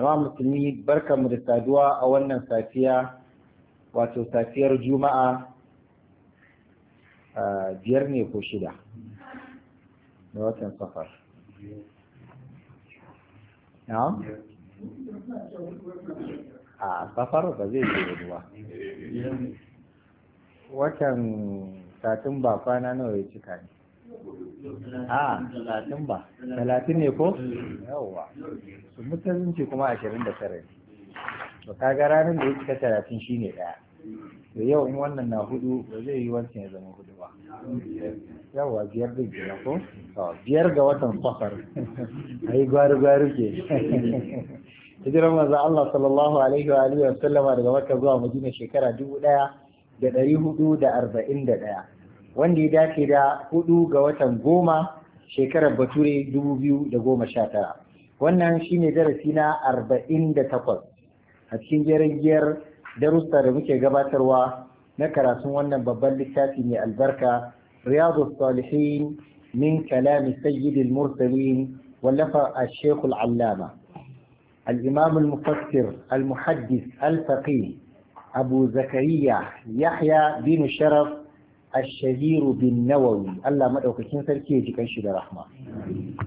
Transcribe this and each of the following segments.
jama'a musulmi mu da saduwa a wannan safiya wato safiyar juma'a biyar ne ko shida na watan safar na'am a safar ba zai ce ruwa watan satin ba kwana nawa ya cika ne a ah, talatin ba talatin ne ko yawwa su musulunci kuma ashirin da tara ne to kaga ranar da ya cika talatin shi ne ɗaya to yau in wannan na hudu ba zai yi wancan ya zama hudu ba yawwa biyar da biyar ko biyar ga watan safar a yi gwari-gwari ke hijirar manzo Allah sallallahu alaihi wa alihi wa sallama daga Makka zuwa Madina shekara dubu ɗaya da ɗari hudu da arba'in da ɗaya wanda ya dace da hudu ga watan goma shekarar bature dubu biyu da goma sha tara wannan shine darasi na arba'in da takwas a cikin jirgiyar darussa da muke gabatarwa na karatun wannan babban littafi mai albarka riyadu salihin min kalami sayyidil mursalin wallafa a shekul allama الإمام المفسر almuhaddis الفقيه abu zakariya yahya bin sharaf. ashariru بالنووي الله Allah madaukakin sarki ya jikan shi da rahma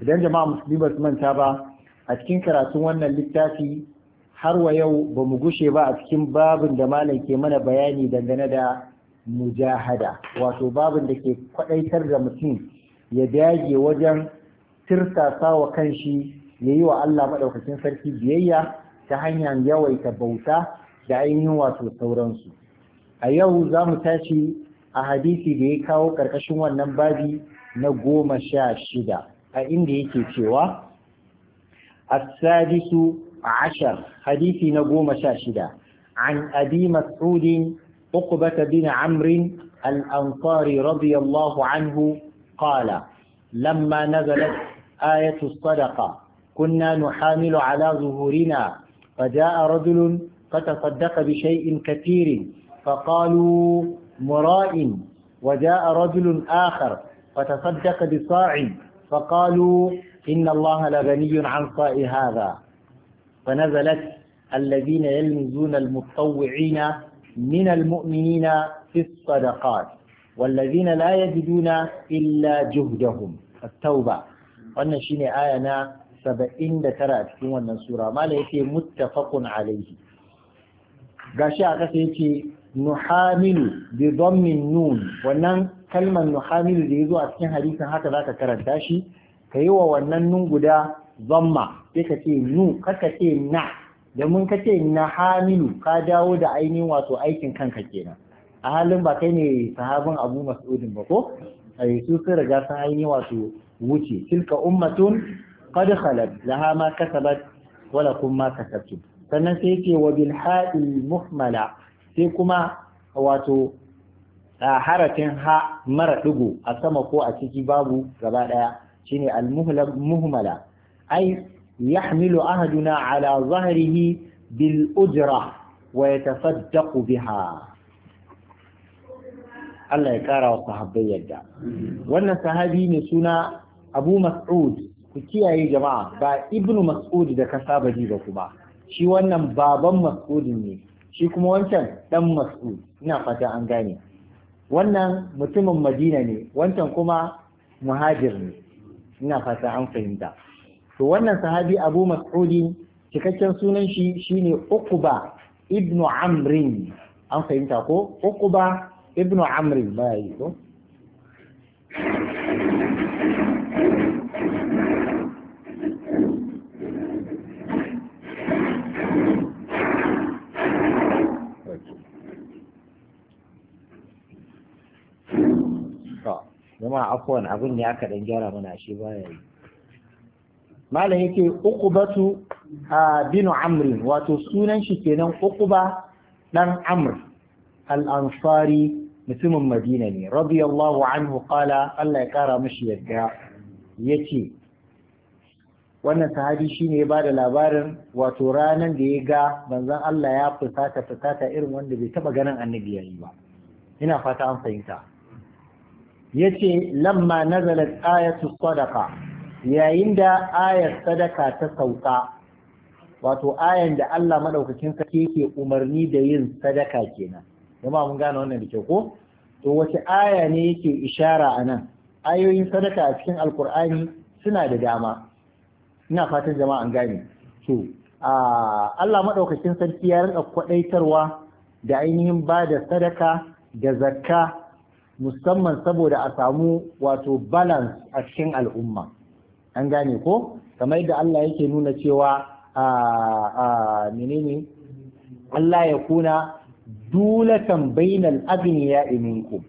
idan jama'a musulmi ba su manta ba a cikin karatun wannan littafi har wa yau ba mu gushe ba a cikin babin da malam ke mana bayani dangane da mujahada wato babin da ke kwadaitar da mutum ya dage wajen tirsasa wa kanshi ya yi wa Allah madaukakin sarki biyayya ta hanyar yawaita bauta da ainihin wato sauransu a yau za mu tashi a hadisi da ya kawo ƙarƙashin wannan babi na goma sha shida a inda yake cewa السادس عشر حديث نقوم شاشدة عن أبي مسعود عقبة بن عمرو الأنصاري رضي الله عنه قال لما نزلت آية الصدقة كنا نحامل على ظهورنا فجاء رجل فتصدق بشيء كثير فقالوا مراء وجاء رجل آخر فتصدق بصاع فقالوا إن الله لغني عن صاع هذا فنزلت الذين يلمزون المتطوعين من المؤمنين في الصدقات والذين لا يجدون إلا جهدهم التوبة wannan shine aya na 79 a cikin wannan sura mala yake muttafaqun alaihi gashi a kasa yake nuhamilu bi dhammin nun wannan kalmar nuhamilu da yazo a cikin hadisin haka zaka karanta shi kayi wa wannan nun guda dhamma sai ka ce nu kaka ce na da mun ka ce na hamilu ka dawo da ainihin wato aikin kanka kenan a halin ba kai ne sahabin abu mas'udin ba ko a su sun riga sun ainihin wato wuce tilka ummatun qad khalat laha ma kasabat wala kum ma kasabtum sannan sai yake wa bil ha'il muhmala sai kuma wato harafin ha mara ɗigo a sama ko a ciki babu gaba ɗaya shine al-muhmala ay yahmilu ahaduna ala zahrihi bil ujra wa yatasaddaqu biha Allah ya kara wa sahabbai yadda wannan sahabi ne suna Abu Mas'ud ku kiyaye jama'a ba Ibnu Mas'ud da ka saba ji ba kuma shi wannan baban Mas'ud ne shi kuma wancan ɗan mas'ud ina fata an gane wannan mutumin madina ne wancan kuma muhajir ne ina fata an fahimta to wannan sahabi abu mas'udi cikakken sunan shi shine Ukuba ibn amrin an fahimta ko Ukuba Ibnu amrin ba yi ko kuma afuwan abin da aka dan gyara mana shi baya yi malam yake uqbatu bin amr wato sunan shi kenan uqba dan amr al-ansari mutumin madina ne radiyallahu anhu qala Allah ya kara mishi yadda yace wannan sahabi shine ya bada labarin wato ranan da ya ga manzon Allah ya fusata fusata irin wanda bai taba ganin annabi yayi ba ina fata an fahimta yace lamma nazalat ayatu sadaka, yayin da ayar sadaka ta sauka wato ayan da Allah madaukakin sarki yake umarni da yin sadaka kenan kuma mun gane wannan da kyau ko to wace aya ne yake ishara a nan ayoyin sadaka a cikin alkur'ani suna da dama ina fatan jama'a an gane to Allah madaukakin sarki ya rika kwaɗaitarwa da ainihin ba da sadaka da zakka musamman saboda a samu wato balance a cikin al'umma an gane ko kamar yadda Allah yake nuna cewa a menene Allah ya kuna dulatan bainal abniya minkum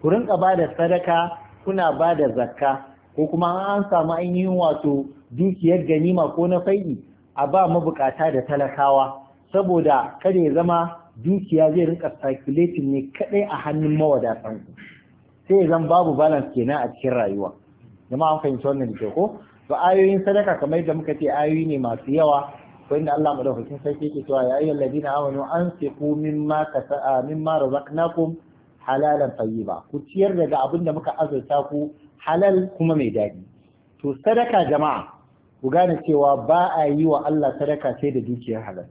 ku rinka ba da sadaka kuna ba da zakka ko kuma an samu ainihin wato dukiyar ganima ko na fai'i a ba mabukata da talakawa saboda kada ya zama dukiya zai rinka circulating ne kadai a hannun mawadatan sai zan babu balance kenan a cikin rayuwa jama'a an fahimci wannan da ko ba ayoyin sadaka kamar da muka ce ayoyi ne masu yawa Ko inda Allah madaukakin sarki yake cewa ya ayyul ladina amanu anfiqu mimma kasaa mimma razaqnakum halalan tayyiba ku ciyar daga abin da muka azurta ku halal kuma mai daɗi to sadaka jama'a ku gane cewa ba a yi wa Allah sadaka sai da dukiyar halal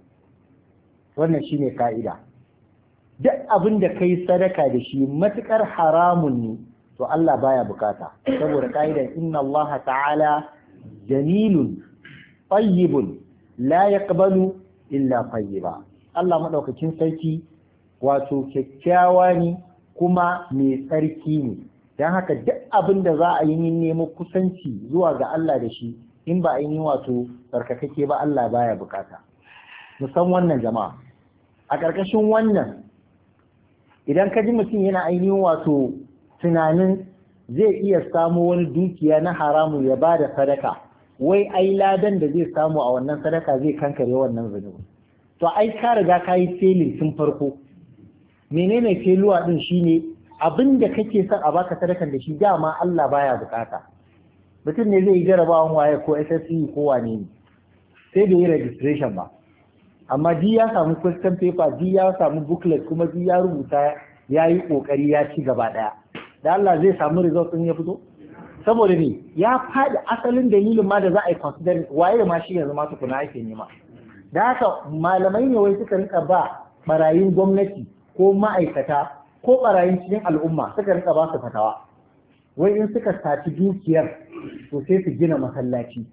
wannan shi ne ka'ida duk abin da ka yi sadaka da shi matuƙar haramun ne to Allah baya bukata saboda ka'idan inna Allah ta'ala jamilun fayyibun la yaqbalu illa Fayyiba. Allah maɗaukakin sarki wato kyakkyawa ne kuma mai tsarki ne don haka duk abin da za a yi neman kusanci zuwa ga Allah da shi in ba a yi wato tsarkakake ba Allah baya bukata musan wannan jama'a a ƙarƙashin wannan idan ka ji mutum yana ainihin wato tunanin zai iya samu wani dukiya na haramu ya ba da sadaka wai ai ladan da zai samu a wannan sadaka zai kankare wannan zunubi to ai ka riga ka yi felin tun farko menene feluwa din shine abin da kake son a baka sadakan da shi dama Allah baya bukata mutum ne zai yi jarabawan waye ko SSE ko wane ne sai da yi registration ba amma ji ya samu question paper ji ya samu booklet kuma ji ya rubuta ya yi kokari ya ci gaba daya da Allah zai samu result din ya fito saboda ne ya faɗi asalin dalilin ma da za a yi consider waye ma shi yanzu ma tukuna ake nema da haka malamai ne wai suka rika ba barayin gwamnati ko ma'aikata ko barayin cikin al'umma suka rika ba su fatawa wai in suka saci dukiyar to sai su gina masallaci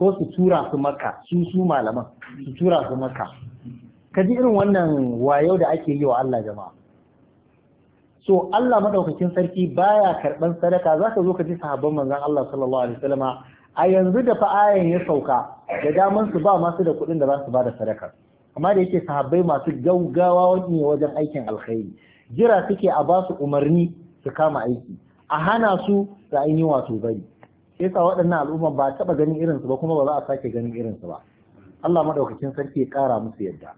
ko su tura su maka su su malaman su tura su maka ka ji irin wannan wayo da ake yi wa Allah jama'a so Allah madaukakin sarki baya karban sadaka zaka zo ka ji sahabban manzon Allah sallallahu alaihi wasallama a yanzu da fa ayan ya sauka da daman su ba masu da kuɗin da za su ba da sadaka amma da yake sahabbai masu gaugawa ne wajen aikin alkhairi jira suke a ba su umarni su kama aiki a hana su da an wato bari yasa waɗannan al'ummar ba taɓa ganin irinsu ba kuma ba za a sake ganin irinsu ba Allah maɗaukakin sarki ya ƙara musu yadda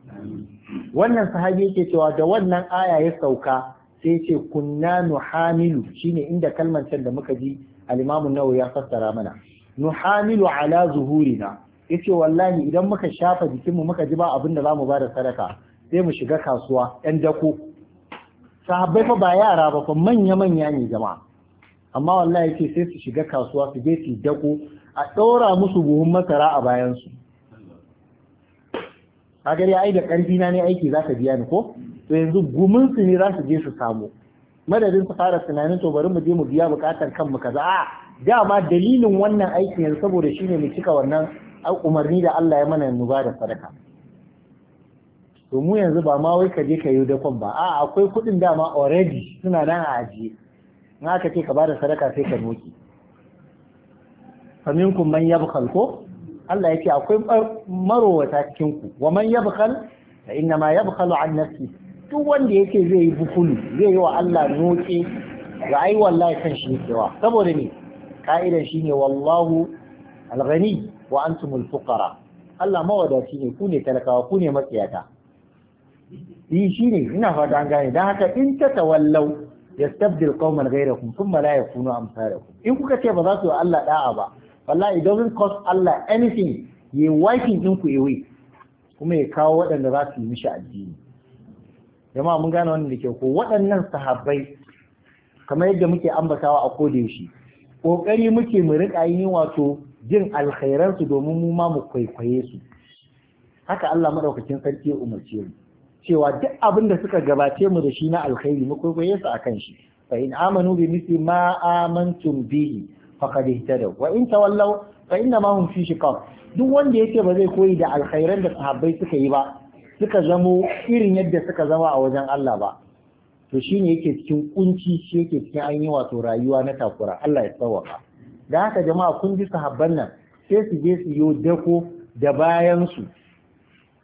wannan sahabi yake cewa da wannan aya ya sauka sai ce kunna nuhamilu shine inda kalmar can da muka ji al-Imam Nawawi ya fassara mana nuhamilu ala zuhurina yace wallahi idan muka shafa jikinmu muka ji ba abin da zamu ba da sadaka sai mu shiga kasuwa yan dako sahabbai fa ba yara ba fa manya manya ne jama'a amma wallahi yake sai su shiga kasuwa su je su dako a ɗora musu buhun masara a bayansu kagar ya ai da ƙarfi na ne aiki za ka biya ni ko to yanzu gumin su ne za su je su samu madadin su fara tunanin to bari mu je mu biya bukatar kanmu kaza a dama dalilin wannan aikin yanzu saboda shi ne mu cika wannan umarni da Allah ya mana mu bada sadaka to mu yanzu ba ma wai ka je ka yi dakon ba a akwai kuɗin dama already suna nan a ajiye in aka ce ka bada sadaka sai ka roki faminkum man yabkhal ko Allah ce akwai marowata cikin ku wa man yabkhal fa inna ma yabkhalu an nafsi duk wanda yake zai yi bukulu zai yi wa Allah noke ga ai wallahi kan shi yake wa saboda ne ka'idan shine wallahu al-ghani wa antumul fuqara Allah mawadaci ne ku ne talakawa ku ne matsiyata yi shine ina fata an gane dan haka in ta tawallau yastabdil qauman ghayrakum thumma la yakunu amsalakum in kuka ce ba za su Allah da'a ba wallahi it doesn't cost Allah anything ye wiping din ku away kuma ya kawo waɗanda za su yi mishi addini jama'a mun gane wannan da ke ko waɗannan sahabbai kamar yadda muke ambatawa a koda yaushe kokari muke mu rika yin wato jin su domin mu ma mu kwaikwaye su haka Allah madaukakin sarki ya umarce mu cewa duk abin da suka gabace mu da shi na alkhairi mu kwaikwaye su akan shi fa in amanu bi misli ma amantum bihi faqad ihtadaw wa in tawallaw fa inna ma hum fi shiqaq duk wanda yake ba zai koyi da alkhairan da sahabbai suka yi ba suka zamo irin yadda suka zama a wajen Allah ba to shine yake cikin kunci shi yake cikin an yi wato rayuwa na takura Allah ya tsawaka da haka jama'a kun ji sahabban nan sai su je su yo dako da bayan su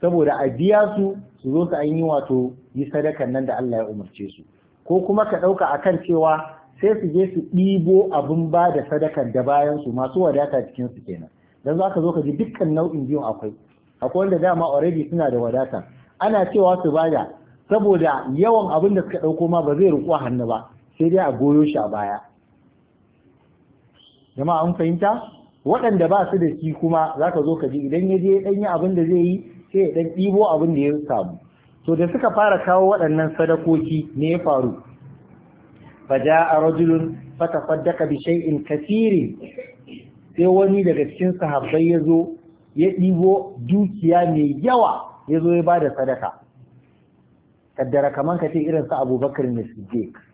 saboda a biya su su zo su an yi wato yi sadakan nan da Allah ya umarce su ko kuma ka ɗauka a kan cewa sai su je su ɗibo abin ba da sadakan da bayan su masu wadata cikin su kenan dan za ka zo ka ji dukkan nau'in biyun akwai akwai wanda dama already suna da wadata ana cewa su bada saboda yawan abin da suka ɗauko ma ba zai riƙo hannu ba sai dai a goyo shi a baya jama'a an fahimta waɗanda ba su da shi kuma za ka zo ka ji idan ya je ɗanyi abin da zai yi sai ya dan ɗibo abin da ya samu to da suka fara kawo waɗannan sadakoki ne ya faru a rajulun faddaka bi shay'in kathirin sai wani daga cikin sahabbai ya zo ya ɗibo dukiya mai yawa ya zo ya bada sadaka kaddara kamar ka ce irin su abubakar ne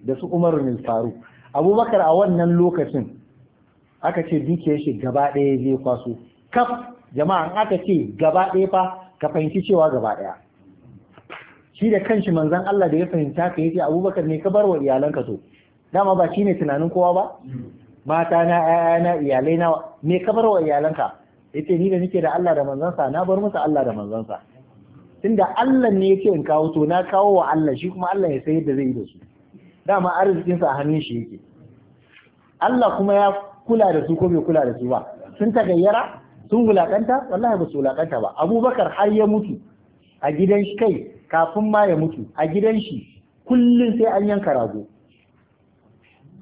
da su umaru ne faru abubakar a wannan lokacin aka ce dukiyar shi gaba ɗaya zai kwaso kaf jama'an aka ce gaba ɗaya fa ka fahimci cewa gaba ɗaya shi da kanshi manzon Allah da ya fahimta ka yace Abubakar ne ka bar wa iyalanka so dama ba shine tunanin kowa ba mata na na iyalai na me ka bar wa iyalanka yace ni da nake da Allah da sa na bar musu Allah da sa tunda Allah ne ya ce in kawo to na kawo wa Allah shi kuma Allah ya sayar da zai yi da su dama arzikinsa a hannun shi yake Allah kuma ya kula da su ko bai kula da su ba sun ta gayyara. sun wulaƙanta? wallahi ba su wulaƙanta ba abubakar har ya mutu a gidan shi kai kafin ma ya mutu a gidan shi kullum sai an yanka rago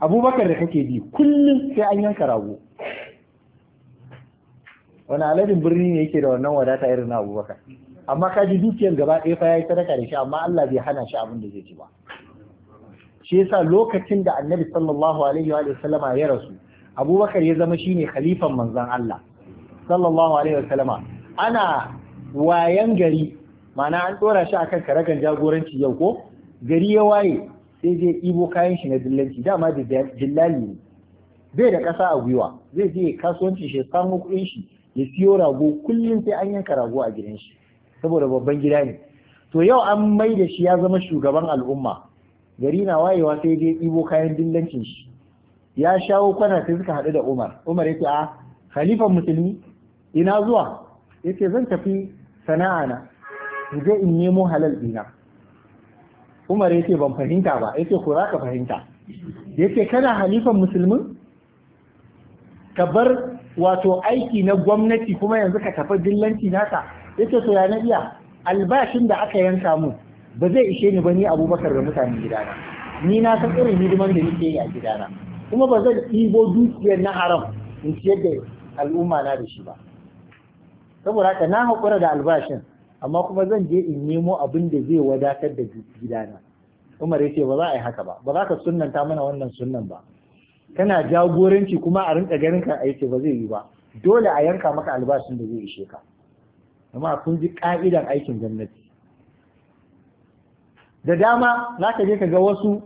abubakar da kake bi kullum sai an yanka rago wani aladin birni ne yake da wannan wadata irin na abubakar amma ka ji dukiyar gaba ɗaya fa yayi sadaka da shi amma Allah bai hana shi abin da zai ci ba shi yasa lokacin da annabi sallallahu alaihi wa sallama ya rasu abubakar ya zama shine khalifan manzon Allah sallallahu alaihi wasallama ana wayan gari mana an dora shi akan karagan jagoranci yau ko gari ya waye sai zai ibo kayan shi na dillanci dama da dillali ne zai da ƙasa a gwiwa zai je kasuwanci shi samu kuɗin shi ya siyo rago kullum sai an yanka rago a gidan shi saboda babban gida ne to yau an mai da shi ya zama shugaban al'umma gari na wayewa sai dai ɗibo kayan dillancin shi ya shawo kwana sai suka haɗu da umar umar ya ce a ah, khalifan musulmi ina zuwa yake zan tafi sana'a na je in nemo halal dina Umar yake ban fahimta ba yace ko za ka fahimta yake kana halifan musulmin ka bar wato aiki na gwamnati kuma yanzu ka tafi dillanci naka yace to ya nabiya albashin da aka yanka mun ba zai ishe ni ba ni abubakar da mutane gidana ni na san irin hidiman da nake yi a gidana kuma ba zan ɗibo dukiyar na haram in ciyar da al'umma na da shi ba saboda haka na haƙura da albashin amma kuma zan je in nemo abin da zai wadatar da gidana umar ya ce ba za a yi haka ba ba za ka sunnanta mana wannan sunnan ba kana jagoranci kuma a rinka ganin ka a ce ba zai yi ba dole a yanka maka albashin da zai ishe ka amma kun ji ka'idan aikin gwamnati da dama za ka je ka ga wasu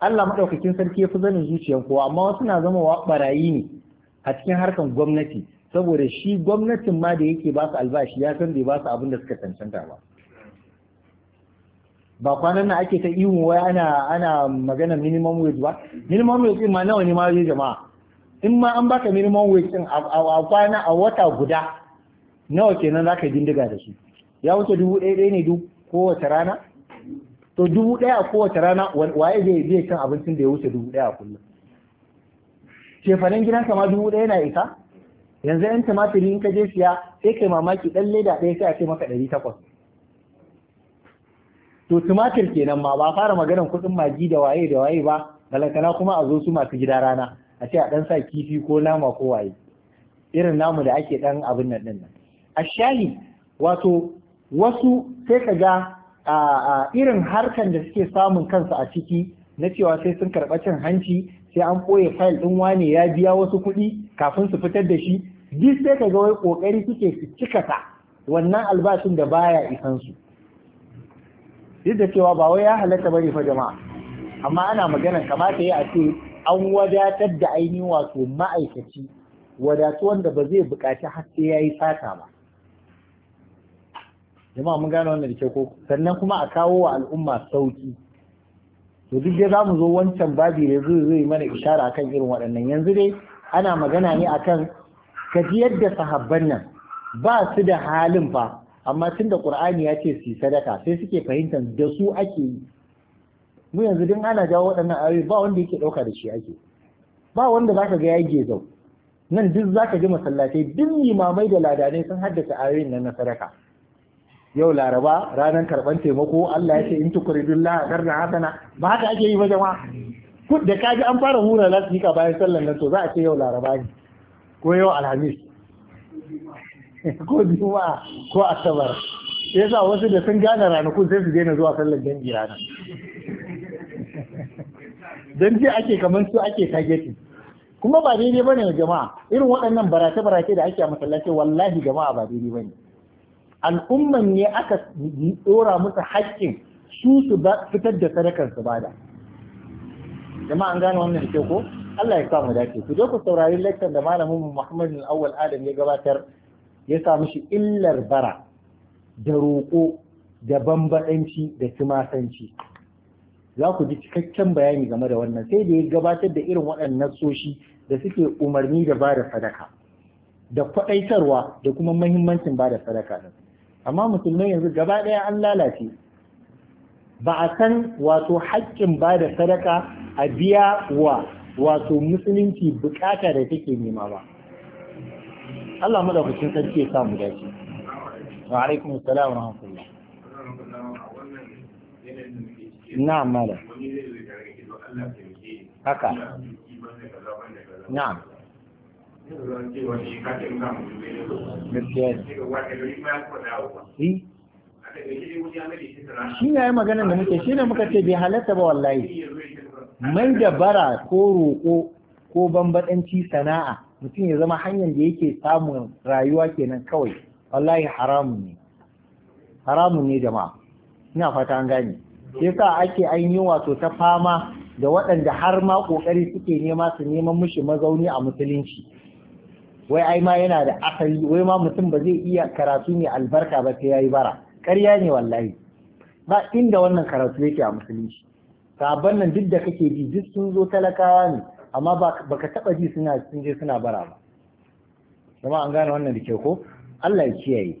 Allah maɗaukakin sarki ya fi zanin zuciyar kowa amma wasu na zama wa ɓarayi ne a cikin harkan gwamnati saboda shi gwamnatin ma da yake ba su albashi ya san bai ba su abin da suka cancanta ba ba kwanan nan ake ta ihun wai ana ana magana minimum wage ba minimum wage ma nawa ne ma zai jama'a in ma an baka minimum wage din a kwana a wata guda nawa kenan zaka dindiga da shi ya wuce dubu ɗaya ɗaya ne duk kowace rana to dubu ɗaya a kowace rana waye zai zai cin abincin da ya wuce dubu ɗaya a kullum cefanen gidanka ma dubu ɗaya na isa yanzu yan tumatiri in ka je siya sai kai mamaki dan leda ɗaya sai a ce maka ɗari takwas to tumatir kenan ma ba fara maganar kuɗin magi da waye da waye ba balantana kuma a zo su masu gida rana a ce a ɗan sa kifi ko nama ko waye irin namu da ake ɗan abin nan ɗin nan a shayi, wato wasu sai ka ga a irin harkan da suke samun kansu a ciki na cewa sai sun karɓa cin hanci sai an ɓoye fayil ɗin wane ya biya wasu kuɗi kafin su fitar da shi duk sai ka ga wai ƙoƙari suke su cikata wannan albashin da baya isan su duk da cewa ba wai ya halatta bari fa jama'a amma ana magana kamata ya a ce an wadatar da ainihin wato ma'aikaci wadatu wanda ba zai buƙaci har sai ya yi sata ba jama'a mun gane wannan da ke ko sannan kuma a kawo wa al'umma sauki to duk dai za mu zo wancan babi da zai zai mana ishara akan irin waɗannan yanzu dai ana magana ne a kan gajiyar da sahabban nan ba su da halin fa amma tunda qur'ani ya ce su sadaka sai suke fahimtar da su ake yi mu yanzu din ana jawo waɗannan ayoyi ba wanda yake ɗauka da shi ake ba wanda zaka ga ya zau nan duk zaka ji masallatai duk limamai da ladanai sun haddasa ayoyin nan na sadaka yau laraba ranar karban taimako Allah ya ce in tukuridullah garna hasana ba haka ake yi ba jama'a da kaji an fara hura lasika bayan sallan nan to za a ce yau laraba ne ko yau alhamis ko juma'a ko asabar sa wasu da sun gane ranakun sai su daina zuwa sallan dangi rana dan ji ake kamar su ake targeting kuma ba daidai bane jama'a irin waɗannan barace-barace da ake a masallaci wallahi jama'a ba daidai bane al'umman ne aka tsora musu haƙƙin su su fitar da sadakar su bada jama'a an gane wannan ke ko Allah ya sa mu dace ku je ku saurari lecture da malamin mu Muhammad bin awwal Adam ya gabatar ya sa mishi illar bara da roƙo da bambadanci da tumasanci za ku ji cikakken bayani game da wannan sai da ya gabatar da irin waɗannan soshi da suke umarni da bada sadaka da kwaɗaitarwa da kuma muhimmancin bada sadaka din amma musulmai yanzu gaba ɗaya an lalace ba a san wato haƙƙin ba da sadaka a biya wa wato musulunci bukata da take nema ba Allah madaukakin sarki ya samu dace wa alaikum assalam wa rahmatullah na'am malam haka na'am shi ne ya maganin da muke shi ne muka ce bai halatta ba wallahi mai da bara ko roƙo ko bambaɗanci sana'a mutum ya zama hanyar da yake samun rayuwa kenan kawai wallahi haramun ne haramun ne jama'a ina fata an gane sai sa ake ainihin wato ta fama da waɗanda har ma ƙoƙari suke nema su neman mushi mazauni a musulunci wai ai ma yana da asali wai ma mutum ba zai iya karatu ne albarka ba sai yayi bara ƙarya ne wallahi ba inda wannan karatu yake a musulunci sabon nan duk da kake ji duk sun zo talakawa ne amma baka taba ji suna sun je suna bara ba kuma an gane wannan da ke ko Allah ya kiyaye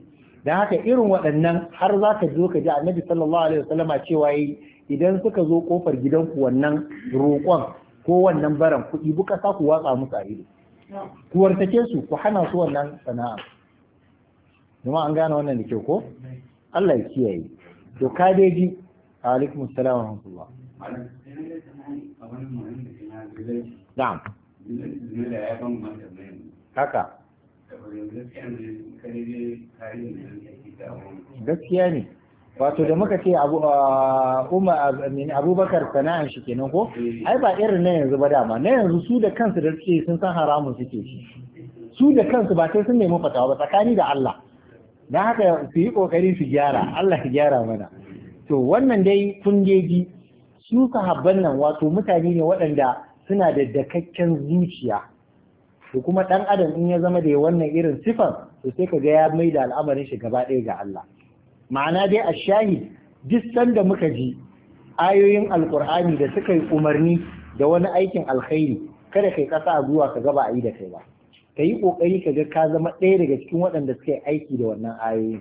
dan haka irin waɗannan har za ka zo ka ji annabi sallallahu alaihi wasallama cewa yi idan suka zo kofar gidanku wannan roƙon ko wannan baran kuɗi buka sa ku watsa musu a ido ku wartake su ku hana su wannan sana'a kuma an gane wannan da ke ko Allah ya kiyaye to ka dai ji alaikum assalam wa rahmatullah na'am haka gaskiya ne wato da muka ce ah, ah, abubakar sana'an shi kenan ko eh. ai ba irin na yanzu ba dama na yanzu su da kansu da suke sun san haramun suke su da kansu ba sai sun nemi fatawa ba tsakani da Allah dan haka su yi kokari su gyara Allah ya gyara mana to wannan dai kungeji su sahabban nan wato mutane ne waɗanda suna da dakakken zuciya to kuma dan adam in ya zama da wannan irin sifan to sai ka ga ya mai da al'amarin shi gaba ɗaya ga Allah ma'ana dai a shahi duk sanda muka ji ayoyin alkur'ani da suka yi umarni da wani aikin alkhairi kada kai kasa a zuwa ka gaba a yi da kai ba ka yi kokari ka ga ka zama ɗaya daga cikin waɗanda suka yi aiki da wannan ayoyin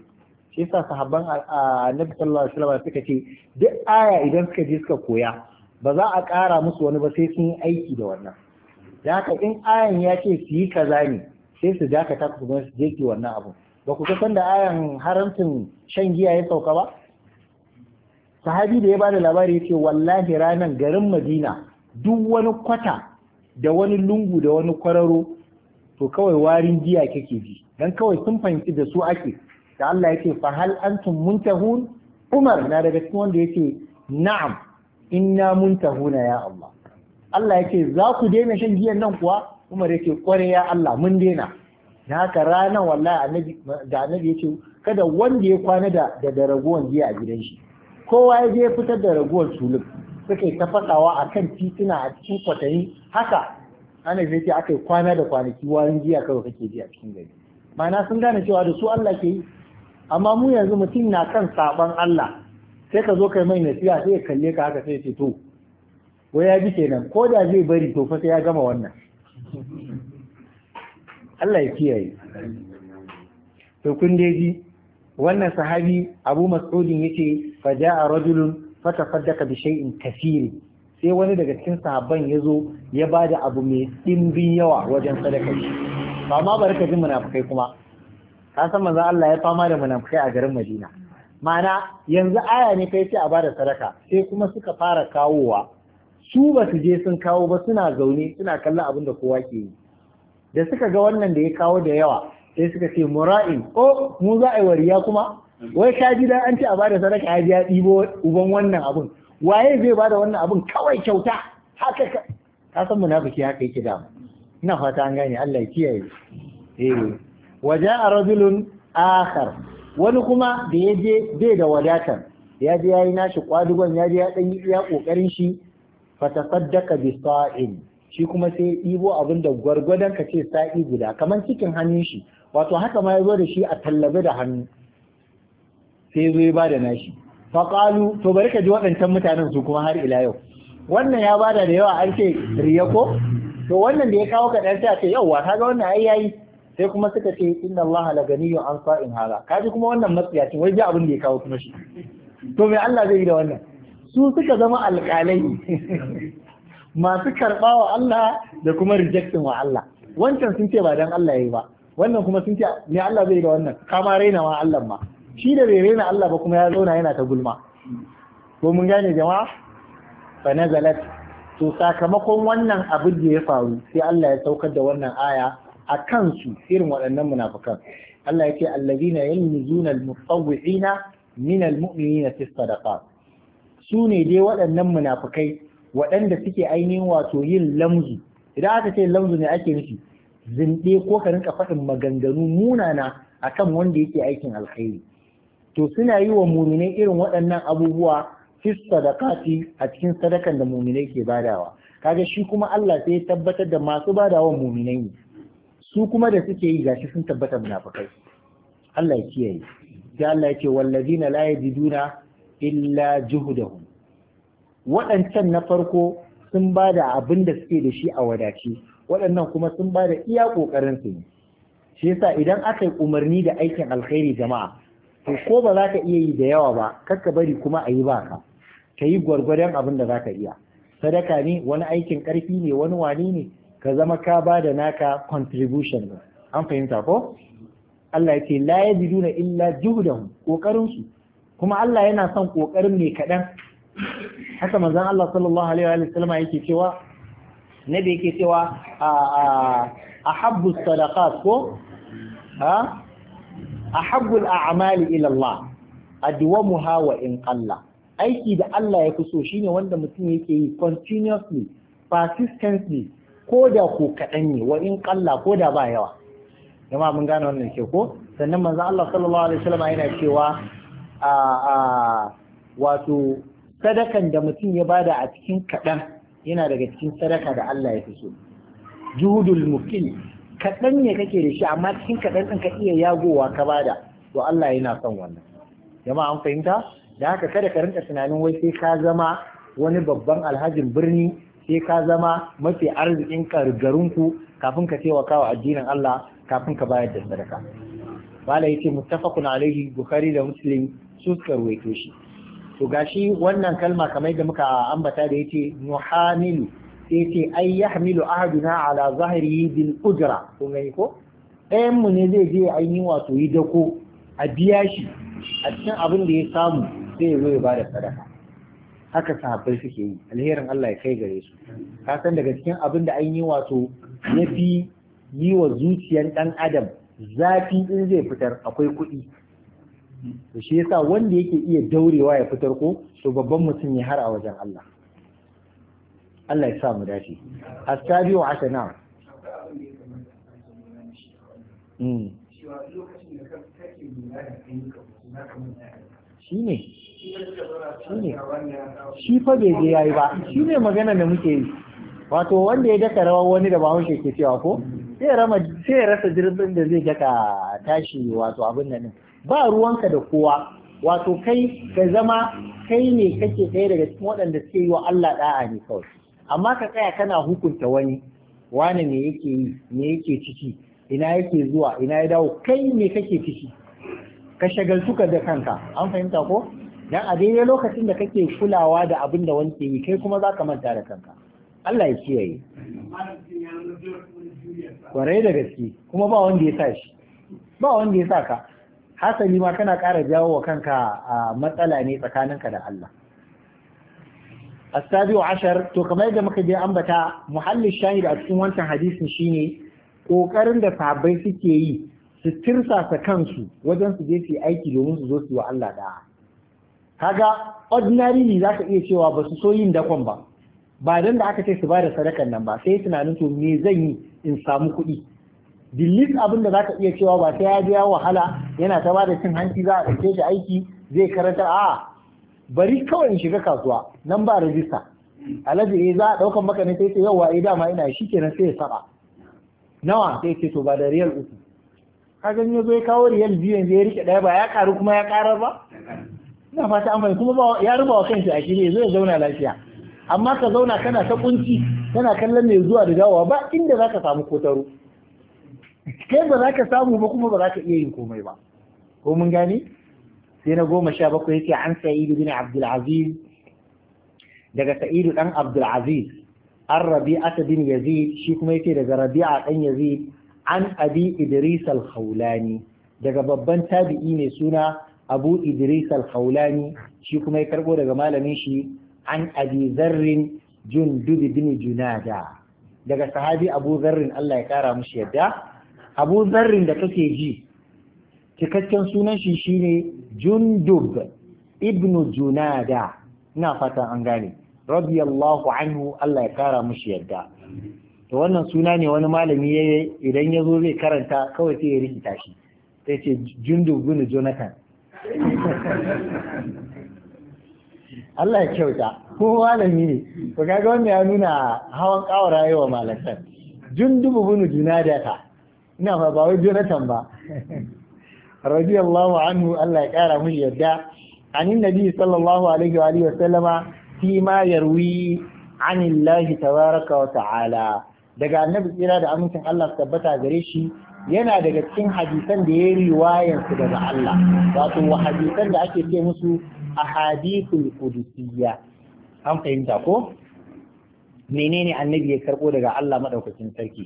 shi yasa sahabban annabi sallallahu alaihi wasallam suka ce duk aya idan suka je suka koya ba za a ƙara musu wani ba sai sun yi aiki da wannan da haka in ayan ya ce su yi kaza ne sai su dakata ku su je ki wannan abu ba ku san da ayan haramcin shan giya ya sauka ba sahabi da ya bada labari ya ce wallahi ranar garin madina duk wani kwata da wani lungu da wani kwararo to kawai warin giya kake ji dan kawai sun fahimci da su ake da Allah ya ce fa hal antum muntahun Umar na daga cikin wanda ya ce na'am inna muntahuna ya Allah Allah ya ce za ku daina shan giyan nan kuwa Umar ya ce kware ya Allah mun daina na haka ranar wallahi da annabi ya ce kada wanda ya kwana da da ragowar jiya a gidan shi kowa ya je fitar da ragowar sulub suka yi ta fasawa a kan tituna a cikin kwatani haka ana zai ce aka yi kwana da kwanaki warin jiya kawai kake ji a cikin gari ma'ana sun gane cewa da su Allah ke yi amma mu yanzu mutum na kan saban Allah sai ka zo kai mai nasiha sai ya kalle ka haka sai ya ce to wai ya ji kenan ko da zai bari to fa sai ya gama wannan Allah ya kiyaye to kun dai wannan sahabi Abu Mas'udin yace fa ja'a rajulun tafaddaka bi shay'in kaseer sai wani daga cikin sahabban ya zo ya ba da abu mai ɗimbin yawa wajen sadaka shi ba ma bari ji munafukai kuma ka san manzo Allah ya fama da munafukai a garin Madina ma'ana yanzu aya ne kai sai a bada sadaka sai kuma suka fara kawowa su ba su je sun kawo ba suna zaune suna kallon abin da kowa ke yi da suka ga wannan da ya kawo da yawa sai suka ce mura'in ko mu za a yi wariya kuma wai ka ji dan an ce a ba da sadaka ya ji ya ɗibo uban wannan abun waye zai ba da wannan abun kawai kyauta haka ka ka san munafiki haka yake da ina fata an gane Allah ya kiyaye eh waja'a rajulun akhar wani kuma da ya je bai da wadatar ya je yayi nashi kwadugon ya je ya dan yi iya kokarin shi fa tasaddaqa bi sa'in shi kuma sai ya ɗibo abin da gwargwadon ka ce sa'i guda kamar cikin hannun shi wato haka ma ya zo da shi a tallabe da hannu sai ya zo ya bada nashi faƙalu to bari ka ji waɗancan mutanen su kuma har ila yau wannan ya bada da yawa an ce riyako to wannan da ya kawo kaɗan sai a ce wa kaga wannan ai yayi sai kuma suka ce inna allaha la ganiyyun an sa'in hala. kaji kuma wannan matsiyacin wai ji abin da ya kawo kuma shi to me Allah zai yi da wannan su suka zama alƙalai masu karɓa wa Allah da kuma rejectin wa Allah wancan sun ce ba dan Allah yayi ba wannan kuma sun ce me Allah zai da wannan kama raina ma Allah ma shi da bai raina Allah ba kuma ya zauna yana ta gulma ko mun gane jama'a fa nazalat to sakamakon wannan abin da ya faru sai Allah ya saukar da wannan aya a kansu irin waɗannan munafukan Allah ya ce allazina yalmizuna almutawwi'ina min almu'minina fi sadaqat su ne dai waɗannan munafukai waɗanda suke ainihin wato yin lamzu idan aka ce lamzu ne ake nufi zinde ko ka rinka faɗin maganganu munana akan wanda yake aikin alkhairi to suna yi wa muminai irin waɗannan abubuwa fi sadakati a cikin sadakan da muminai ke badawa kaga shi kuma Allah sai ya tabbatar da masu badawa muminai ne su kuma da suke yi gashi sun tabbata munafikai Allah ya kiyaye sai Allah ya ce wallazina la yajiduna illa juhdahum waɗancan na farko sun ba da abin da suke da shi a wadace waɗannan kuma sun ba da iya ƙoƙarin su ne shi yasa idan aka yi umarni da aikin alkhairi jama'a to ko ba za ka iya yi da yawa ba ka bari kuma a yi ba ka ka yi gwargwadon abin da za ka iya sadaka ne wani aikin ƙarfi ne wani wani ne ka zama ka ba da naka contribution ne an fahimta ko Allah ya ce la yajiduna illa juhdahum kokarin su kuma Allah yana son ƙoƙarin ne kaɗan haka manzon Allah sallallahu alaihi wa sallama yake cewa nabi yake cewa a ahabbu sadaqat ko ha ahabbu al'amali ila Allah adwamuha wa in qalla aiki da Allah ya kuso shine wanda mutum yake yi continuously persistently ko da ko kadan ne wa in qalla ko da ba yawa jama'a mun gane wannan ke ko sannan manzon Allah sallallahu alaihi sallama yana cewa a a wato sadakan da mutum ya bada a cikin kaɗan yana daga cikin sadaka da Allah ya fi so juhudul mukil kaɗan ne kake da shi amma cikin kaɗan ɗin ka iya yagowa ka bada to Allah yana son wannan jama'a an fahimta da haka kada ka rinka tunanin wai sai ka zama wani babban alhajin birni sai ka zama mafi arzikin garinku kafin ka taimaka wa addinin Allah kafin ka bayar da sadaka bala yace muttafaqun alaihi bukhari da muslim su suka ruwaito shi to gashi wannan kalma kamar da muka ambata da yace muhamilu sai ce ai yahmilu ahaduna ala zahiri bil ujra kun gani ko ɗayan mu ne zai je ainihin wato yi dako a biya shi a cikin abin da ya samu sai ya zo ya bada sadaka haka sahabbai suke yi alherin Allah ya kai gare su ka san daga cikin abin da an yi wato ya fi yi wa zuciyar ɗan adam zafi in zai fitar akwai kuɗi to shi yasa wanda yake iya daurewa ya fitar ko to babban mutum ne har a wajen Allah Allah ya sa mu dace wa asana mm shi ne shi ne. fa bai je yayi ba Shi ne magana da muke yi wato wanda ya daka rawar wani da bahaushe ke cewa ko sai rama sai rasa jirgin da zai daka tashi wato abin nan ba ruwanka da kowa wato kai ka zama kai ne kake ɗaya daga cikin waɗanda suke yi wa Allah da'a ne kawai amma ka tsaya kana hukunta wani wani me yake yi me yake ciki ina yake zuwa ina ya dawo kai ne kake ciki ka shagaltuka da kanka an fahimta ko dan a daidai lokacin da kake kulawa da abin da wani ke yi kai kuma za ka manta da kanka Allah ya kiyaye kwarai da gaske kuma ba wanda ya sa ba wanda ya sa ka hasali ma kana ƙara jawo wa kanka a matsala ne tsakaninka da Allah astabi'u ashar to kamar yadda muka je ambata muhallin da a cikin wancan hadisin shine ƙoƙarin da sahabbai suke yi su tirsasa kansu wajen su je su yi aiki domin su zo su wa Allah da'a kaga ne za ka iya cewa ba su so yin dakon ba ba don da aka ce su ba da sadakan nan ba sai tunanin to me zan yi in samu kuɗi dillis abin da za ka iya cewa ba sai ya biya wahala yana ta da cin hanci za a ɗauke shi aiki zai karanta a bari kawai in shiga kasuwa nan ba rajista alaji eh za a ɗaukan maka ne sai ce yawa eh dama ina shi kenan sai ya saba nawa sai ce to ba da riyal uku ka gani yazo ya kawo riyal biyu yanzu ya rike ɗaya ba ya karu kuma ya ƙarar ba ina fata amfani kuma ya ruba wa kanshi a shirye zai zauna lafiya amma ka zauna kana ta kunci kana kallon mai zuwa da dawowa ba inda za ka samu kotaro kai ba za ka samu ba kuma ba za ka iya yin komai ba ko mun gane sai na goma sha bakwai yake an sa'idu bin abdulaziz daga sa'idu dan abdulaziz an rabi'ata bin yazid shi kuma yake daga rabi'a dan yazid an abi idris al-khawlani daga babban tabi'i ne suna abu idris al-khawlani shi kuma ya karbo daga malamin shi an abi zarrin jundub bin junada daga sahabi abu zarrin Allah ya kara mushi yadda abu zarrin da kake ji cikakken sunan shi shine jundub ibnu junada ina fatan an gane radiyallahu anhu Allah ya kara mushi yadda to wannan suna ne wani malami ya idan ya zo zai karanta kawai sai ya rikita shi sai ce jundub bin jonathan Allah ya kyauta ko malami ne to kaga wannan ya nuna hawan kawara yawa malakan jundub Ibn junada ta ina ba ba wai jonathan ba radiyallahu anhu Allah ya kara mu yarda anin nabi sallallahu alaihi wa alihi wa sallama fi ma yarwi anillahi tabaraka wa ta'ala daga annabi tsira da amincin Allah tabbata gare shi yana daga cikin hadisan da ya riwayan su daga Allah wato wa hadisan da ake ce musu ahadithul qudusiyya an fahimta ko menene annabi ya karbo daga Allah madaukakin sarki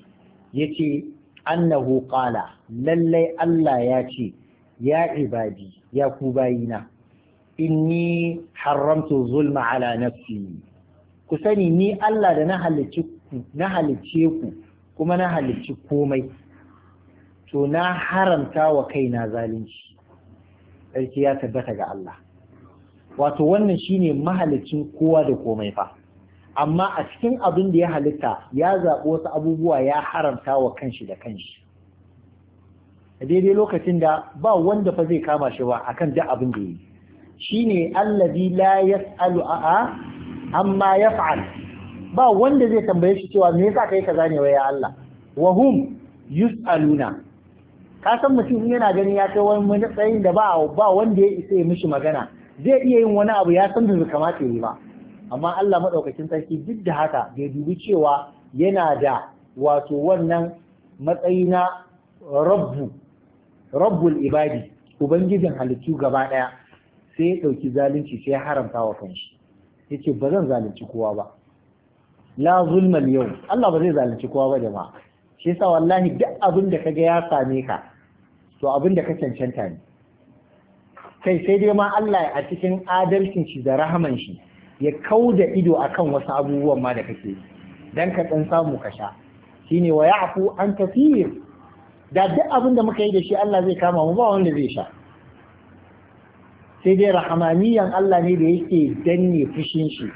yace annahu qala lallai Allah ya ce ya ibadi ya ku bayina inni haramtu zulma ala nafsi ku sani ni Allah da na halicce ku kuma na halicci komai to na haramta wa kaina zalunci sarki ya tabbata ga Allah wato wannan shine mahalicin kowa da komai fa amma a cikin abin da ya halitta ya zaɓi wasu abubuwa ya haramta wa kanshi da kanshi a daidai lokacin da ba wanda fa zai kama shi ba akan duk abin da yi shi shine allazi la yas'alu a'a amma yaf'al ba wanda zai tambaye shi cewa me yasa kai kaza ne wa ya Allah wa hum yus'aluna ka san mutum yana ganin ya kai wani matsayin da ba ba wanda ya isa ya mishi magana zai iya yin wani abu ya san da kamata ya yi ba amma Allah maɗaukacin sarki duk da haka bai dubi cewa yana da wato wannan matsayi na rabbu rabbul ibadi ubangijin halittu gaba ɗaya sai ya ɗauki zalunci sai ya haramta wa kanshi yace ba zan zalunci kowa ba la zulmal yau Allah ba zai zalunci kowa ba jama'a shi yasa wallahi duk abin da kaga ya same ka to abin da ka cancanta ne kai sai dai ma Allah a cikin adalcin shi da rahaman shi ya kau da ido akan wasu abubuwan ma da kake dan ka dan samu ka sha shine wa ya'fu an kathir da duk abin da muka yi da shi Allah zai kama mu ba wanda zai sha sai dai rahamaniyan Allah ne da yake danne fushin shi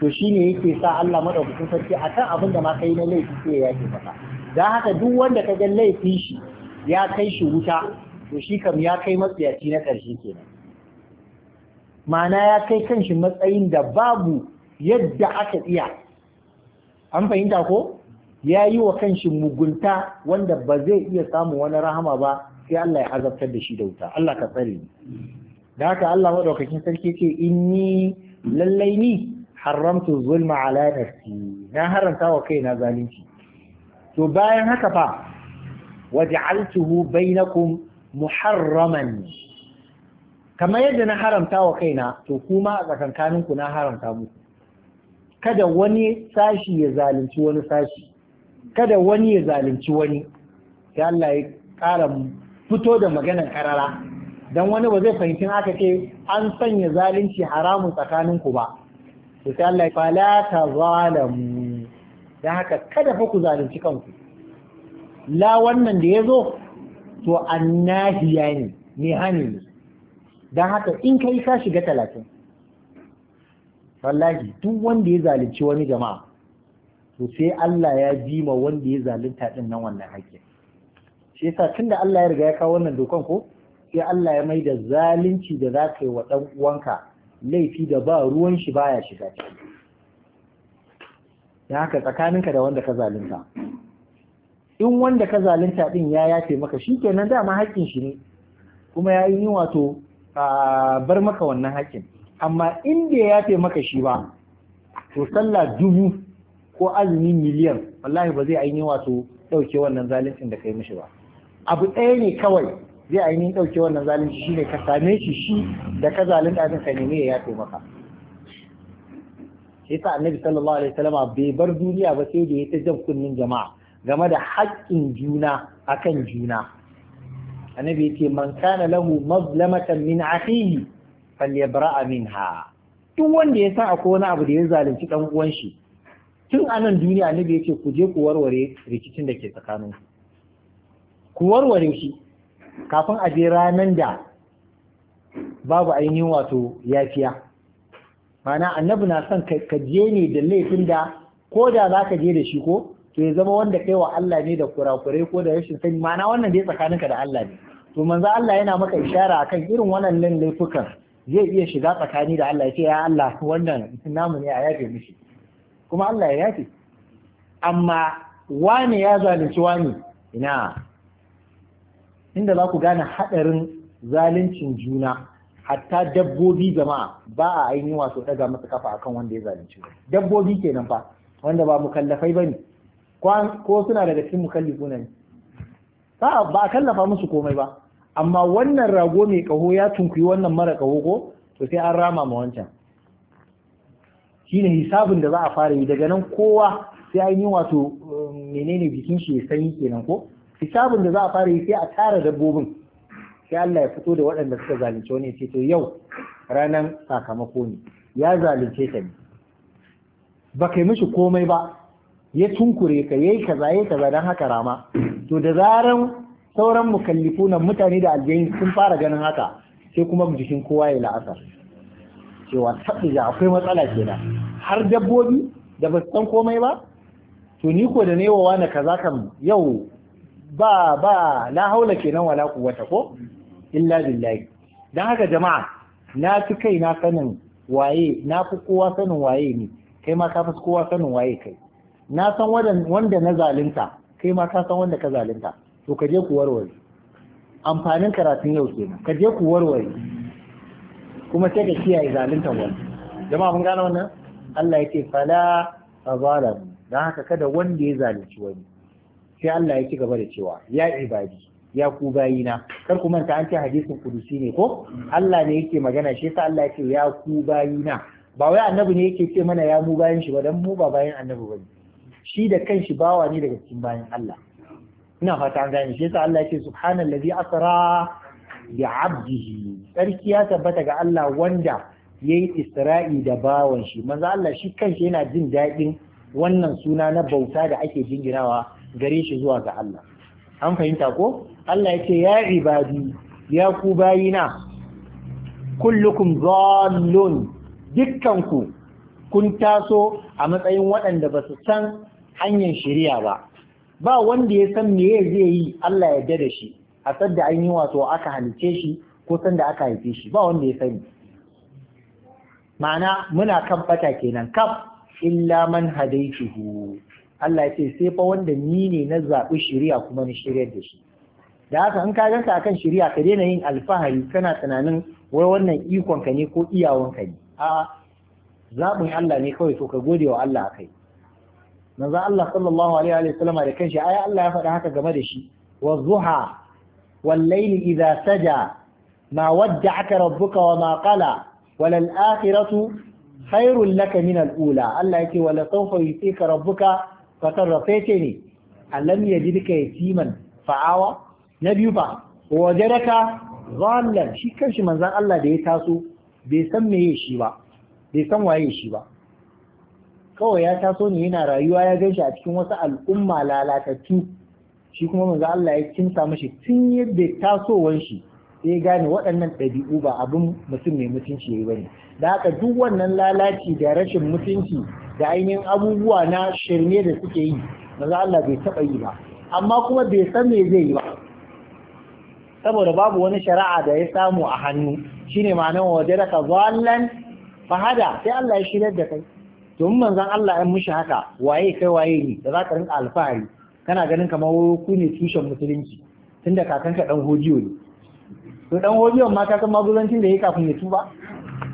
to shine yake sa Allah madaukakin sarki akan abin da ma kai na laifi sai ya yake maka dan haka duk wanda ka ga laifin shi ya kai shi wuta to shi kam ya kai matsayaci na ƙarshe kenan ma'ana ya kai kanshi matsayin da babu yadda aka iya an fahimta ko ya yi wa kanshi mugunta wanda ba zai iya samun wani rahama ba sai Allah ya azabtar da shi da wuta Allah ka tsare ni da haka Allah madaukakin sarki ce inni lallai ni haramtu zulma ala nafsi na haranta wa kai na zalunci to bayan haka fa waj'altuhu bainakum muharraman kamar yadda na haramta wa kaina to kuma a tsakankanin ku na haramta muku kada wani sashi ya zalunci wani sashi kada wani ya zalunci wani Ya Allah ya ƙara fito da maganar karara dan wani ba zai fahimci aka ce an sanya zalunci haramun tsakanin ku ba to sai Allah ya fala ta zalamu dan haka kada fa ku zalunci kanku la wannan da ya zo to annahiya ne ne ne don haka in kai ka shiga talatin wallahi duk wanda ya zalunci wani jama'a to sai Allah ya ji ma wanda ya zalunta din nan wannan hakki shi yasa tunda Allah ya riga ya kawo wannan dokan ko sai Allah ya da zalunci da za ka yi wa dan uwanka laifi da ba ruwan shi baya shiga ciki dan haka tsakaninka da wanda ka zalunta in wanda ka zalunta din ya yafe maka shikenan dama haƙƙin shi ne kuma ya yi wato bar maka wannan haƙƙin amma inda ya yafe maka shi ba to sallah dubu ko azumi miliyan wallahi ba zai ainihin wato ɗauke wannan zalincin da kai mishi ba abu ɗaya ne kawai zai ainihin ɗauke wannan zalunci shi ne ka same shi shi da ka zalunta ɗin ka nemi ya yafe maka shi sa annabi sallallahu alaihi wasallam bai bar duniya ba sai da ya ta jan kunnin jama'a game da haƙƙin juna akan juna annabi yace man kana lahu mazlamatan min akhihi falyabra'a minha duk wanda ya san akwai wani abu da ya zalunci dan uwan shi tun anan duniya annabi yace ku je ku warware rikicin da ke tsakanin ku warware shi kafin a je ranan da babu ainihin wato yafiya Mana annabi na son ka je ne da laifin da ko da za ka je da shi ko Ke zama wanda kai wa Allah ne da kurakurai ko da rashin sani ma'ana wannan dai tsakaninka da Allah ne to manzo Allah yana maka ishara akan irin wannan laifukan zai iya shiga tsakani da Allah ya ce ya Allah wannan namu ne a yafe mishi kuma Allah ya yafe amma wani ya zalunci wani ina inda za ku gane haɗarin zaluncin juna hatta dabbobi jama'a ba a ainihin wato ɗaga masa kafa akan wanda ya zalunci dabbobi kenan fa wanda ba mukallafai bane ko suna daga cikin mukallifuna ne ba a kallafa musu komai ba amma wannan rago mai kaho ya tunkuyi wannan mara kaho ko to sai an rama ma wancan shine hisabin da za a fara yi daga nan kowa sai an yi wato um, menene bikin shi ya sanyi kenan ko hisabin da za a fara yi sai a tara dabbobin sai Allah ya fito da waɗanda suka zalunce wani ce to yau Ranan sakamako ne ya zalunce ta ne ba kai mishi komai ba ya tunkure ka yayi kaza yayi kaza dan haka rama to da zaran sauran mukallifuna mutane da aljihun sun fara ganin haka sai kuma jikin kowa ya la'asar cewa tabbija akwai matsala kenan har dabbobi da ba san komai ba to ni ko da wa wani kaza kan yau ba ba la haula kenan wala quwwata ko illa billahi dan haka jama'a na fi kai na sanin waye na fi kowa sanin waye ne kai ma ka fi kowa sanin waye kai na san wanda na zalunta kai ma ka san wanda ka zalunta to ka je ku warware amfanin karatun yau kenan ka je ku warware kuma sai ka kiyaye zaluntan wani jama'a mun gane wannan Allah ya ce fala azalam dan haka kada wanda ya zalunci wani sai Allah ya ci gaba da cewa ya ibadi ya ku bayina kar ku manta an ce hadisin kudusi ne ko Allah ne yake magana shi sa Allah ya ce ya ku bayina ba wai annabi ne yake ce mana ya mu bayan shi ba dan mu ba bayan annabi bane shi da kanshi bawa ne daga cikin bayan Allah ina fata an gane shi yasa Allah yake subhanallazi asra bi abdihi sarki ya tabbata ga Allah wanda yayi isra'i da bawan shi manzo Allah shi kanshi yana jin daɗin wannan suna na bauta da ake jinginawa gare shi zuwa ga Allah an fahimta ko Allah yake ya ibadi ya ku bayina kullukum dhallun dukkanku kun taso a matsayin waɗanda ba su san hanyar shari'a ba ba wanda ya san me zai yi Allah ya da shi a san da an yi wato aka halice shi ko san da aka haife shi ba wanda ya sani ma'ana muna kan fata kenan kaf illa man hadaituhu Allah ya ce sai fa wanda ni ne na zaɓi shari'a kuma ni shiryar da shi da haka in ka ganka akan shari'a ka daina yin alfahari kana tunanin wai wannan ikon ka ne ko iyawan ka ne a zaɓin Allah ne kawai to ka gode wa Allah akai manzo Allah sallallahu alaihi wa sallama da kanshi ai Allah ya faɗa haka game da shi wa zuha wal layli idza saja ma wadda'aka rabbuka wa ma qala wal akhiratu khairul laka min al ula Allah yake wa la sawfa yutika rabbuka fa tarrafete ne alam yajidka yatiman fa'awa na biyu fa wajadaka dhallan shi kanshi manzon Allah da ya taso bai san meye shi ba bai san waye shi ba kawai ya taso ne yana rayuwa ya gan shi a cikin wasu al'umma lalatattu shi kuma manzo Allah ya kimsa mashi tun yadda tasowar shi sai gane waɗannan ɗabi'u ba abin mutum mai mutunci yayi ne. da haka duk wannan lalaci da rashin mutunci da ainihin abubuwa na shirme da suke yi manzo Allah bai taɓa yi ba amma kuma bai san me zai yi ba saboda babu wani shari'a da ya samu a hannu shine ma'anar waje daga zallan fahada sai Allah ya shirar da kai domin manzan Allah ya mushi haka waye kai waye ni da za ka rinka alfahari kana ganin kamar ku ne tushen musulunci tunda kakanka dan hojiyo ne to dan hojiyo ma ka san maguzancin da yake kafin ya tuba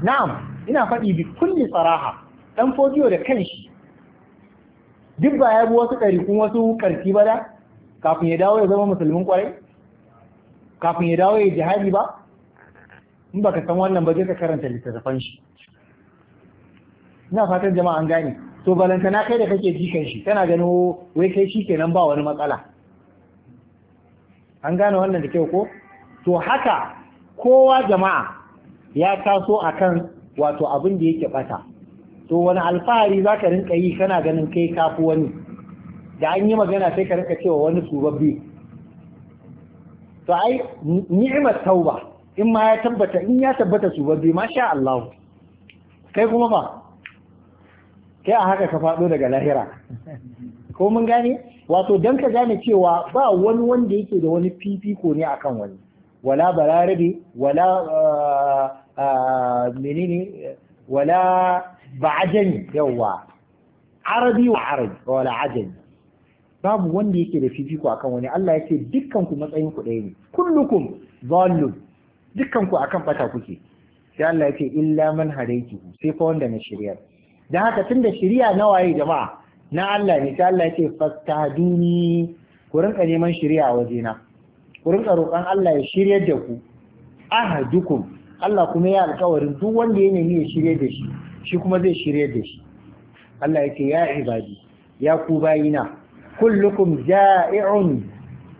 na'am ina faɗi bi kulli tsaraha dan hojiyo da kanshi duk ba ya bi wasu ɗari, kun wasu ƙarfi ba da kafin ya dawo ya zama musulmin ƙwarai? kafin ya dawo ya jihadi ba in baka san wannan ba je ka karanta littattafan shi ina fatan jama'a an gane to na kai da kake kan shi kana ganin wai kai shi kenan ba wani matsala an gane wannan da kyau ko to haka kowa jama'a ya taso akan wato abin da yake bata to wani alfahari za ka rinka yi kana ganin kai kafu wani da an yi magana sai ka rinka cewa wani surabbi to ai ni'imar tauba in ma ya tabbata in ya tabbata surabbi masha Allah kai kuma ba kai a haka ka faɗo daga lahira ko mun gane wato don ka gane cewa ba wani wanda yake da wani fifiko ne akan wani wala balarabe wala ah, ah, menene wala ba'ajani yawa arabi wa arabi wala ajami babu wanda yake da fifiko akan wani Allah ya ce dukkan ku matsayin ku ɗaya ne kullukum zallum dukkan ku akan bata kuke sai Allah ya ce illa man hadaitu sai fa wanda na shiryar da haka tun da shirya na waye jama'a na Allah ne sai Allah yake fastahduni ku rinka neman shirya a wajena ku rinka roƙon Allah ya shiryar da ku ahadukum Allah kuma ya alƙawarin duk wanda ya nemi ya shirye da shi shi kuma zai shirye da shi Allah yake ya ibadi ya ku bayina kullukum ja'i'un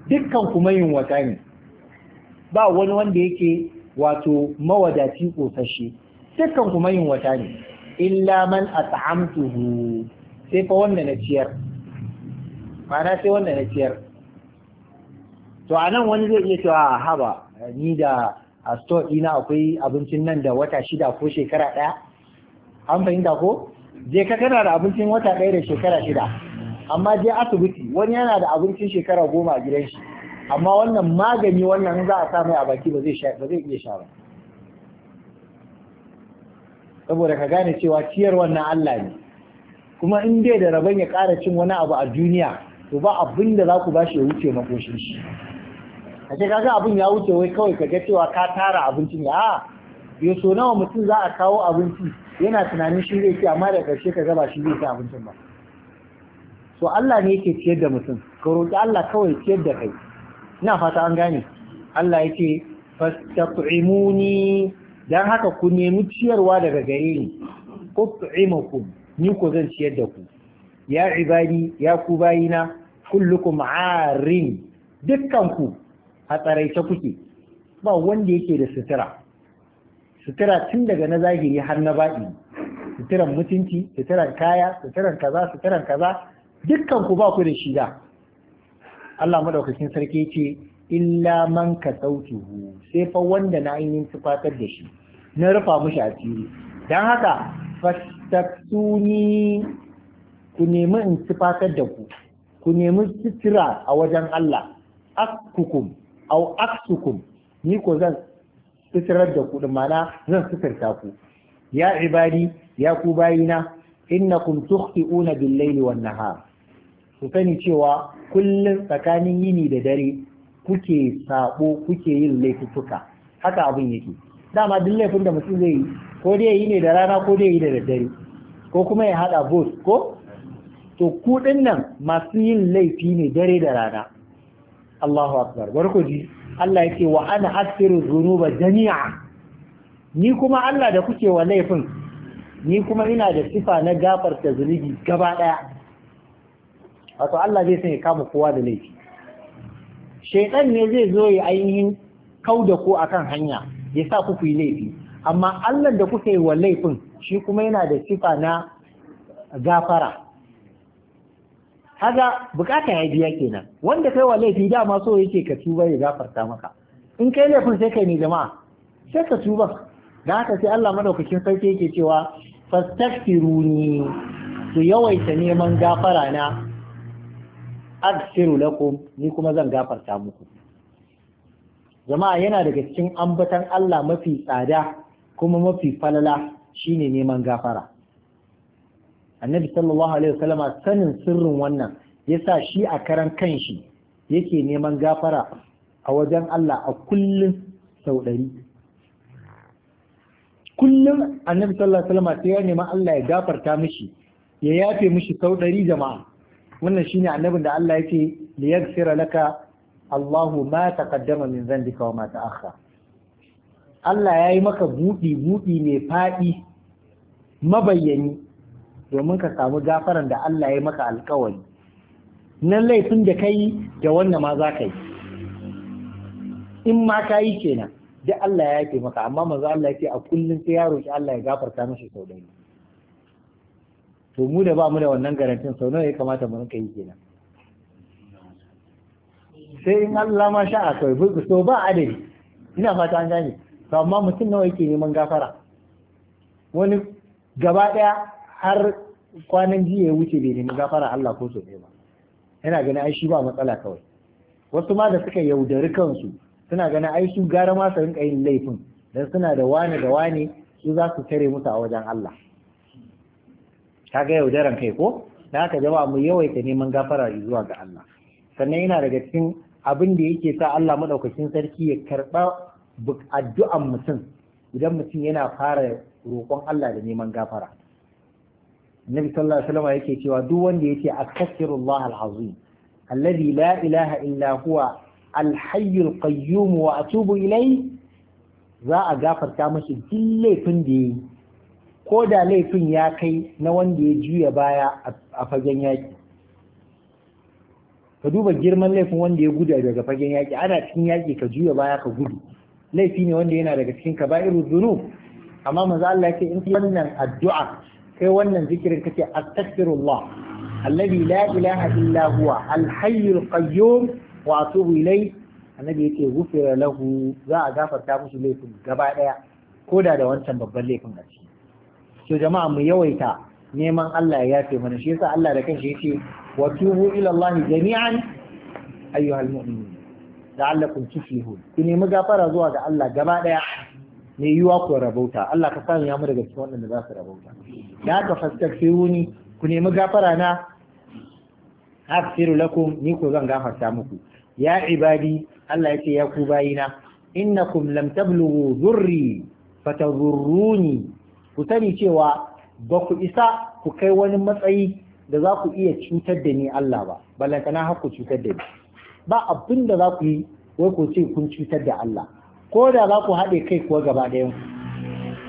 dukkan ku yin wata ne ba wani wanda yake wato mawadaci kosashe dukkan ku yin wata ne illa man at'amtuhu sai fa wanda na ciyar na sai wanda na ciyar to a nan wani zai iya cewa ah, haba ni da a store dina akwai abincin nan da wata shida ko shekara ɗaya an fahimta ko je ka kana da abincin wata ɗaya da shekara shida amma je asibiti wani yana da abincin shekara goma a gidan shi amma wannan magani wannan za a sa mai a baki ba zai iya sha ba saboda ka gane cewa ciyar wannan Allah ne kuma in dai da rabon ya ƙara cin wani abu a duniya to ba abin da za ku ba shi ya wuce makoshin shi a ce kaga abin ya wuce wai kawai ka ga cewa ka tara abincin ya a ah, ya so nawa mutum za a kawo abinci yana tunanin shi zai ci amma da ƙarshe ka gaba shi zai ci abincin ba so Allah ne yake ciyar da mutum ka roƙi Allah kawai ciyar da kai ina fata an gane Allah yake fastaqimuni dan haka ku nemi ciyarwa daga gare ni ut'imukum ni ku zan ciyar da ku ya ibadi ya ku bayina kullukum arin dukkan ku a kuke ba wanda yake da sutura sutura tun daga na zahiri har na baɗi suturan mutunci suturan kaya suturan kaza suturan kaza dukkan ku ba ku da shida Allah madaukakin sarki ce illa man ka sautuhu sai fa wanda na ainihin tufatar da shi na rufa mushi asiri don haka fastaktuni ku nemi in tufatar da ku ku nemi sutura a wajen Allah akukum au aksukum ni ko zan suturar da ku din mana zan suturta ku ya ibadi ya ku bayina innakum tukhti'una bil-laili wan-nahar ku sani cewa kullum tsakanin yini da dare kuke sabo kuke yin laifuka haka abin yake dama duk laifin da mutum zai yi ko dai yi ne da rana ko dai yi da daddare ko kuma ya hada bos, ko to ku nan masu yin laifi ne dare da rana Allahu akbar barko ji Allah yake wa ana asiru zunuba jami'a ni kuma Allah da kuke wa laifin ni kuma ina da sifa na gafarta zunubi gaba daya wato Allah zai sanya kama kowa da laifi shaitan ne zai zo ya ainihin kau da ku akan hanya ya sa ku yi laifi amma Allah da kuka yi wa laifin shi kuma yana da sifa na gafara haga bukata ya biya kenan wanda kai wa laifi dama so yake ka tuba ya gafarta maka in kai laifin sai kai ne jama'a sai ka tuba da haka sai Allah madaukakin sarki yake cewa fastaghfiruni su yawaita neman gafara na aghfiru lakum ni kuma zan gafarta muku jama'a yana daga cikin ambatan Allah mafi tsada kuma mafi falala shine neman gafara annabi sallallahu alaihi wasallama sanin sirrin wannan yasa shi a karan kanshi yake neman gafara a wajen Allah a kullum sau ɗari kullum annabi sallallahu alaihi wasallama sai ya nema Allah ya gafarta mishi ya yafe mishi sau ɗari jama'a wannan shine annabin da Allah yake li yaghfira laka Allahu ma taqaddama min dhanbika wa ma ta'akhkhara Allah ya yi maka buɗi buɗi mai faɗi mabayyani domin ka samu gafaran da Allah ya yi maka alkawari nan laifin da ka yi, da wannan ma za ka yi in ma ka yi kenan da Allah ya yi maka amma maza Allah ya ce a kullum sai ya roki Allah ya gafarta mashi sau ɗaya to mu da ba mu da wannan garantin sau nawa ya kamata mu rinka yi kenan sai in Allah ma sha kai bugu so ba adadi ina fata an gane to amma mutum nawa yake neman gafara wani gaba daya har kwanan jiya ya wuce bai nemi gafara Allah ko so ba yana ganin ai shi ba matsala kawai wasu ma da suka yaudari kansu suna ganin ai su gara ma su rinka yin laifin dan suna da wani da wane su za su tare musu a wajen Allah Ka kaga yaudaran kai ko da ka jama'a mu yawaita neman gafara zuwa ga Allah sannan yana daga cikin abin da yake sa Allah madaukakin sarki ya karɓa addu'an mutum idan mutum yana fara roƙon Allah da neman gafara Nabi sallallahu alaihi wasallam yake cewa duk wanda yake astaghfirullah alazim alladhi la ilaha illa huwa alhayyul hayyul qayyum wa atubu ilayhi za a gafarta mashi duk laifin da yayi ko da laifin ya kai na wanda ya juya baya a fagen yaƙi ka duba girman laifin wanda ya gudu daga fagen yaƙi ana cikin yaƙi ka juya baya ka gudu laifi ne wanda yana daga cikin kaba'iru zunu amma maza Allah ce in wannan addu'a kai wannan zikirin kace astaghfirullah alladhi la ilaha illa huwa al-hayyul qayyum wa atubu ilayhi annabi yake gufira lahu za a gafarta musu laifin gaba daya koda da wancan babban laifin a ciki to jama'a mu yawaita neman Allah ya yafe mana shi yasa Allah da kanshi yake wa tubu ila Allah jami'an ayyuhal mu'minin la'allakum tuflihun ku nemi gafara zuwa ga Allah gaba daya ne yiwa ku rabauta Allah ka sanya mu daga cikin wannan da za su rabauta da haka wuni ku nemi gafara na aghfiru lakum ni ko zan gafarta muku ya ibadi Allah ya ce ya ku bayina innakum lam tablughu dhurri fatadhurruni ku sani cewa ba ku isa ku kai wani matsayi da za ku iya cutar da ni Allah ba ballantana har ku cutar da ni ba abin da za ku yi wai ku ce kun cutar da Allah ko da za ku haɗe kai kuwa gaba ɗayan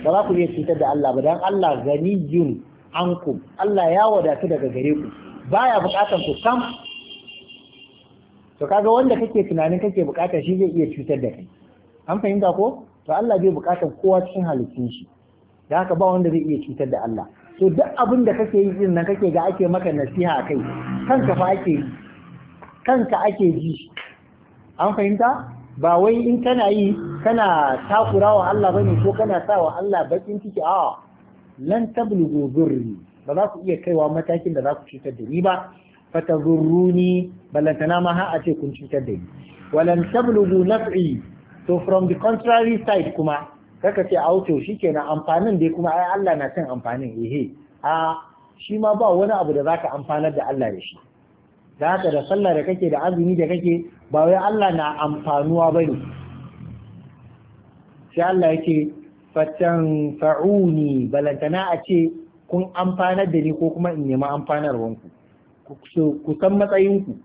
ba za ku iya cutar da Allah ba dan Allah gani ganiyun ankum Allah ya wadatu daga gare ku baya buƙatar ku kam. to kaga wanda kake tunanin kake buƙata shi zai iya cutar da kai an fahimta ko to Allah bai buƙatar kowa cikin halittun shi da haka ba wanda zai iya cutar da Allah to duk abin da kake yi din nan kake ga ake maka nasiha kai kanka fa ake yi kanka ake ji an fahimta ba wai in kana yi kana takura wa Allah bane ko kana sa wa Allah bakin ciki a lan tablugu zurri ba za ku iya kaiwa matakin da za ku cutar da ni ba fatazurruni ballantana ma har a ce kun cutar da ni walan tablugu naf'i so from the contrary side kuma kaka ce auto shikenan amfanin dai kuma ai Allah na cin amfanin ehe a shi ma ba wani abu da zaka amfanar da Allah da shi da haka da sallah da kake da azumi da kake ba wai Allah na amfanuwa bane sai Allah yake fatan fa'uni balantana a ce kun amfanar da ni ko kuma in nemi amfanarwanku ku san matsayinku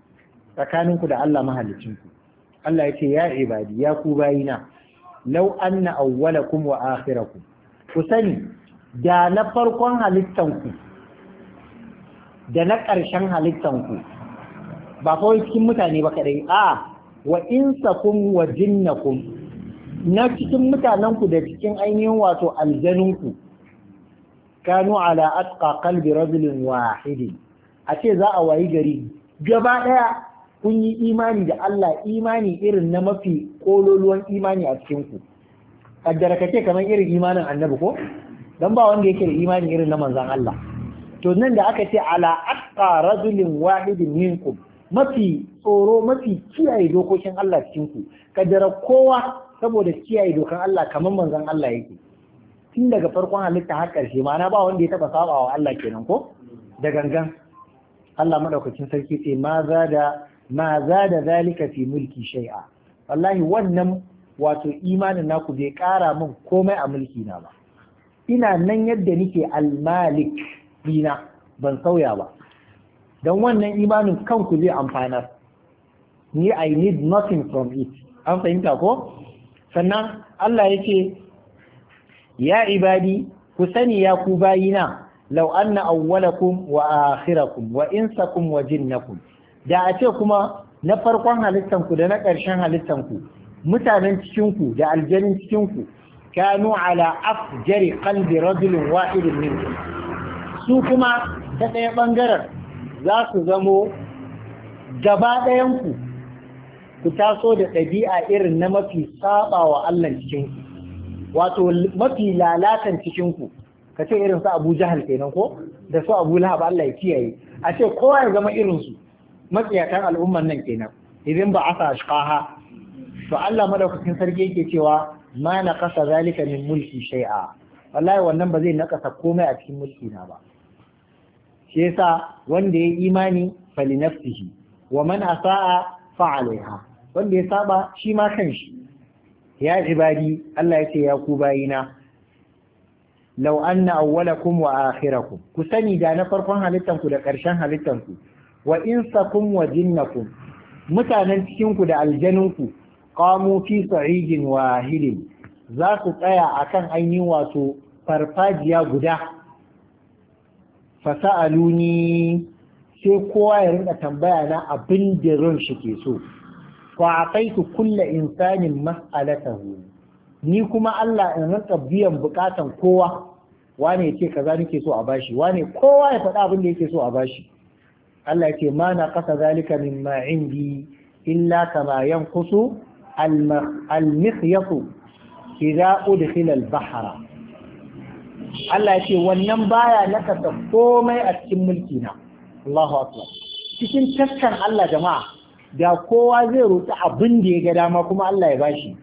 tsakaninku da Allah mahalicinku Allah ya ce ya ibadi ya ku bayina law anna awwalakum wa akhirakum ku sani da na farkon halittanku da na ƙarshen halittanku ba kawai cikin mutane ba kadai a wa kun wa jinnakum na cikin mutanenku da cikin ainihin wato aljanunku kanu ala atqa qalbi rajulin wahidin a ce za a wayi gari gaba ɗaya. kun yi imani da Allah imani irin na mafi kololuwan imani a cikin ku kaddara kamar irin imanin annabi ko dan ba wanda yake da imani irin na manzon Allah to nan da aka ce ala aqqa rajulin wahidin minkum mafi tsoro mafi kiyaye dokokin Allah cikin ku kaddara kowa saboda kiyaye dokan Allah kamar manzon Allah yake tun daga farkon halitta har karshe ma'ana ba wanda ya taba saba wa Allah kenan ko da gangan Allah madaukakin sarki ce ma za da ma da zalika fi mulki shai'a. wallahi wannan wato imanin naku bai ƙara min komai a mulki na ba ina nan yadda nike almalik dina ban sauya ba don wannan imanin kanku zai amfanar ni i need nothing from it an fahimta ko sannan Allah ya ce ya ibadi ku sani ya ku bayina law anna awwalakum wa akhirakum wa insakum wa da a ce kuma na farkon halittanku da na ƙarshen halittanku mutanen cikinku da aljanin cikinku kanu ala afjari qalbi rajulin wahidin minkum su kuma ta ɗaya ɓangaren za su zamo gaba ɗayanku ku taso da ɗabi'a irin na mafi saba wa Allah cikinku wato mafi lalatan cikinku ka ce irin su Abu Jahal kenan ko da su Abu Lahab Allah ya kiyaye a ce kowa ya zama irin su matsiyatan al'umman nan kenan idan ba asa kaha. to Allah madaukakin sarki yake cewa ma naqasa zalika min mulki shay'a wallahi wannan ba zai nakasa komai a cikin mulki na ba shi yasa wanda ya imani fali nafsihi wa man asaa fa alaiha wanda ya saba shi ma kanshi ya ibadi Allah ya ce ya ku bayina law anna awwalakum wa akhirakum ku sani da na farkon ku da ƙarshen halittarku. wa insakum wa jinnakum mutanen cikin ku da aljanunku qamu fi sa'idin wahidin za su tsaya akan ainihin wato farfajiya guda fasa'aluni sai kowa ya rinka tambaya na abin da ran shi ke so fa ataitu kulla insanin mas'alatahu ni kuma Allah in rinka biyan bukatan kowa wane yake kaza nake so a bashi wane kowa ya faɗa abin da yake so a bashi Allah ce ma na kasa zalika min ma indi illa kama yanqusu al-mikhyatu idza udkhila al-bahra Allah ce wannan baya nakasa komai a cikin mulki na Allahu akbar cikin taskan Allah jama'a da kowa zai roƙi abin da ya ga dama kuma Allah ya bashi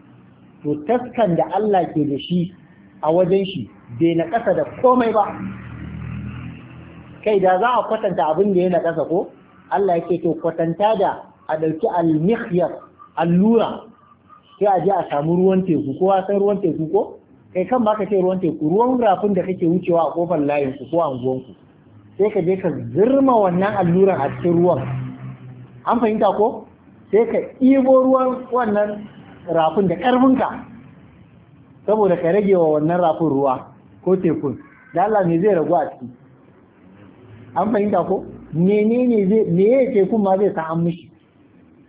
to taskan da Allah ke da shi a wajen shi bai na kasa da komai ba kai da za a kwatanta abin da yana ƙasa ko Allah yake to kwatanta da a ɗauki almikhyar allura sai a je a samu ruwan teku a san ruwan teku ko kai kan baka ce ruwan teku ruwan rafin da kake wucewa a kofar layin ku ko anguwan ku sai ka je ka zirma wannan alluran a cikin ruwan an fahimta ko sai ka ibo ruwan wannan rafin da ƙarfinka saboda ka rage wa wannan rafin ruwa ko tekun da Allah ne zai ragu a ciki an fahimta ko menene zai me yake kuma zai ta an mishi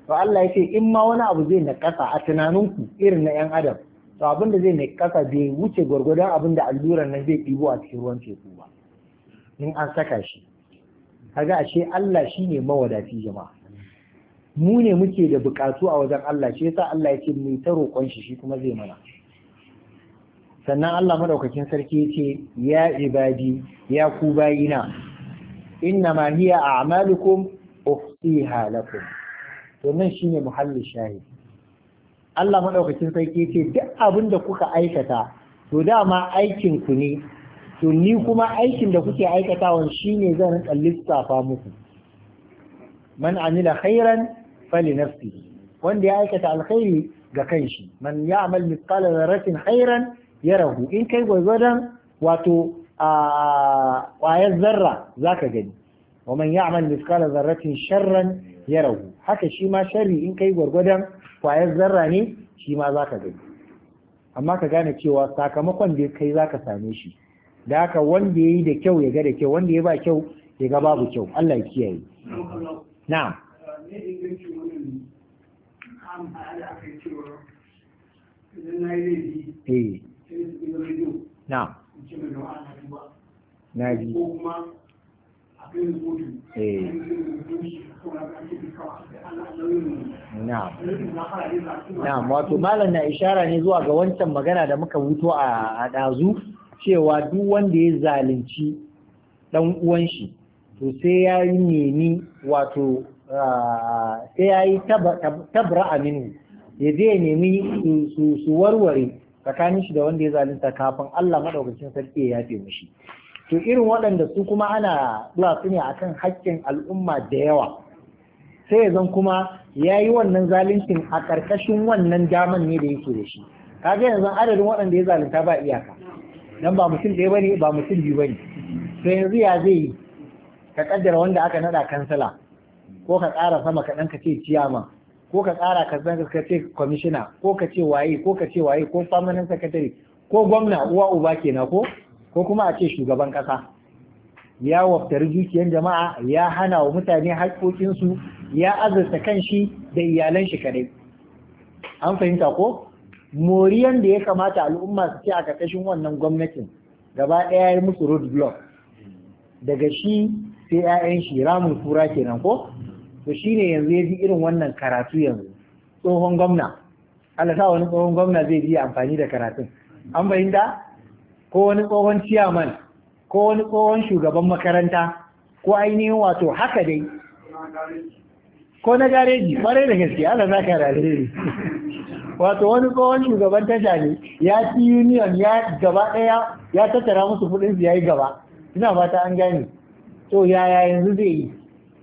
to Allah ya in ma wani abu zai nakasa a tunanin ku irin na yan adam to abin da zai nakasa bai wuce gwargwadon abin da alluran nan zai dibo a cikin ruwan teku ba in an saka shi kaga ashe Allah shine mawadaci jama'a mu ne muke da bukatu a wajen Allah shi yasa Allah ya ce ta roƙon shi shi kuma zai mana sannan Allah madaukakin sarki ya ce ya ibadi ya ku bayina innama hiya a'malukum uhsiha lakum to nan shine muhalli shahi Allah madaukakin sarki ce duk abin da kuka aikata to dama aikin ku ne to ni kuma aikin da kuke aikatawa shine zan rinka lissafa muku man amila khairan fali nafsi wanda ya aikata alkhairi ga kanshi man ya'mal mithqala dharratin khairan yarahu in kai gwargwadon wato a ƙwayar zarra za ka gani wa man ya'mal mithqala zarratin sharran ya rahu haka shi ma shari in kai gwargwadon ƙwayar zarra ne shi ma za ka gani amma ka gane cewa sakamakon da kai za ka same shi da haka wanda ya yi da kyau ya ga da kyau wanda ya ba kyau ya ga babu kyau Allah ya kiyaye Na. Na. na eh. Na'am malam na ishara ne zuwa ga wancan magana da muka wuto a ɗazu cewa duk wanda ya zalunci ɗan uwan shi to sai ya yi nemi wato sai ya yi tabra aminu ya zai nemi su warware tsakanin shi da wanda ya zalunta kafin Allah madaukakin sarki ya yafe mishi to irin waɗanda su kuma ana zuwa su ne akan hakkin al'umma da yawa sai ya zan kuma ya yi wannan zaluncin a ƙarƙashin wannan daman ne da yake da shi Ka ga yanzu adadin waɗanda ya zalunta ba iyaka dan ba mutum ɗaya bane ba mutum biyu bane to yanzu ya zai yi ka kaddara wanda aka naɗa kansala ko ka ƙara sama kaɗan ka ce ciyama ko ka kara ka zanga ka ce kwamishina ko ka ce waye ko ka ce waye ko permanent secretary ko gwamna uwa uba kenan ko ko kuma a ce shugaban ƙasa ya waftari dukiyan jama'a ya hana wa mutane haƙƙoƙinsu ya azurta kan shi da iyalan shi kadai an fahimta ko moriyan da ya kamata al'umma su ce a ƙarƙashin wannan gwamnatin gaba ɗaya ya musu road block daga shi sai 'ya'yan shi ramin kura kenan ko to ne yanzu ya ji irin wannan karatu yanzu tsohon gwamna Allah sa wani tsohon gwamna zai ji amfani da karatun an fahimta ko wani tsohon ciyaman ko wani tsohon shugaban makaranta ko ainihin wato haka dai ko na gareji kwarai da gaske Allah za ka ne. wato wani tsohon shugaban tasha ne ya fi union ya gaba ɗaya ya tattara musu kuɗin su yi gaba ina fata an gane to yaya yanzu zai yi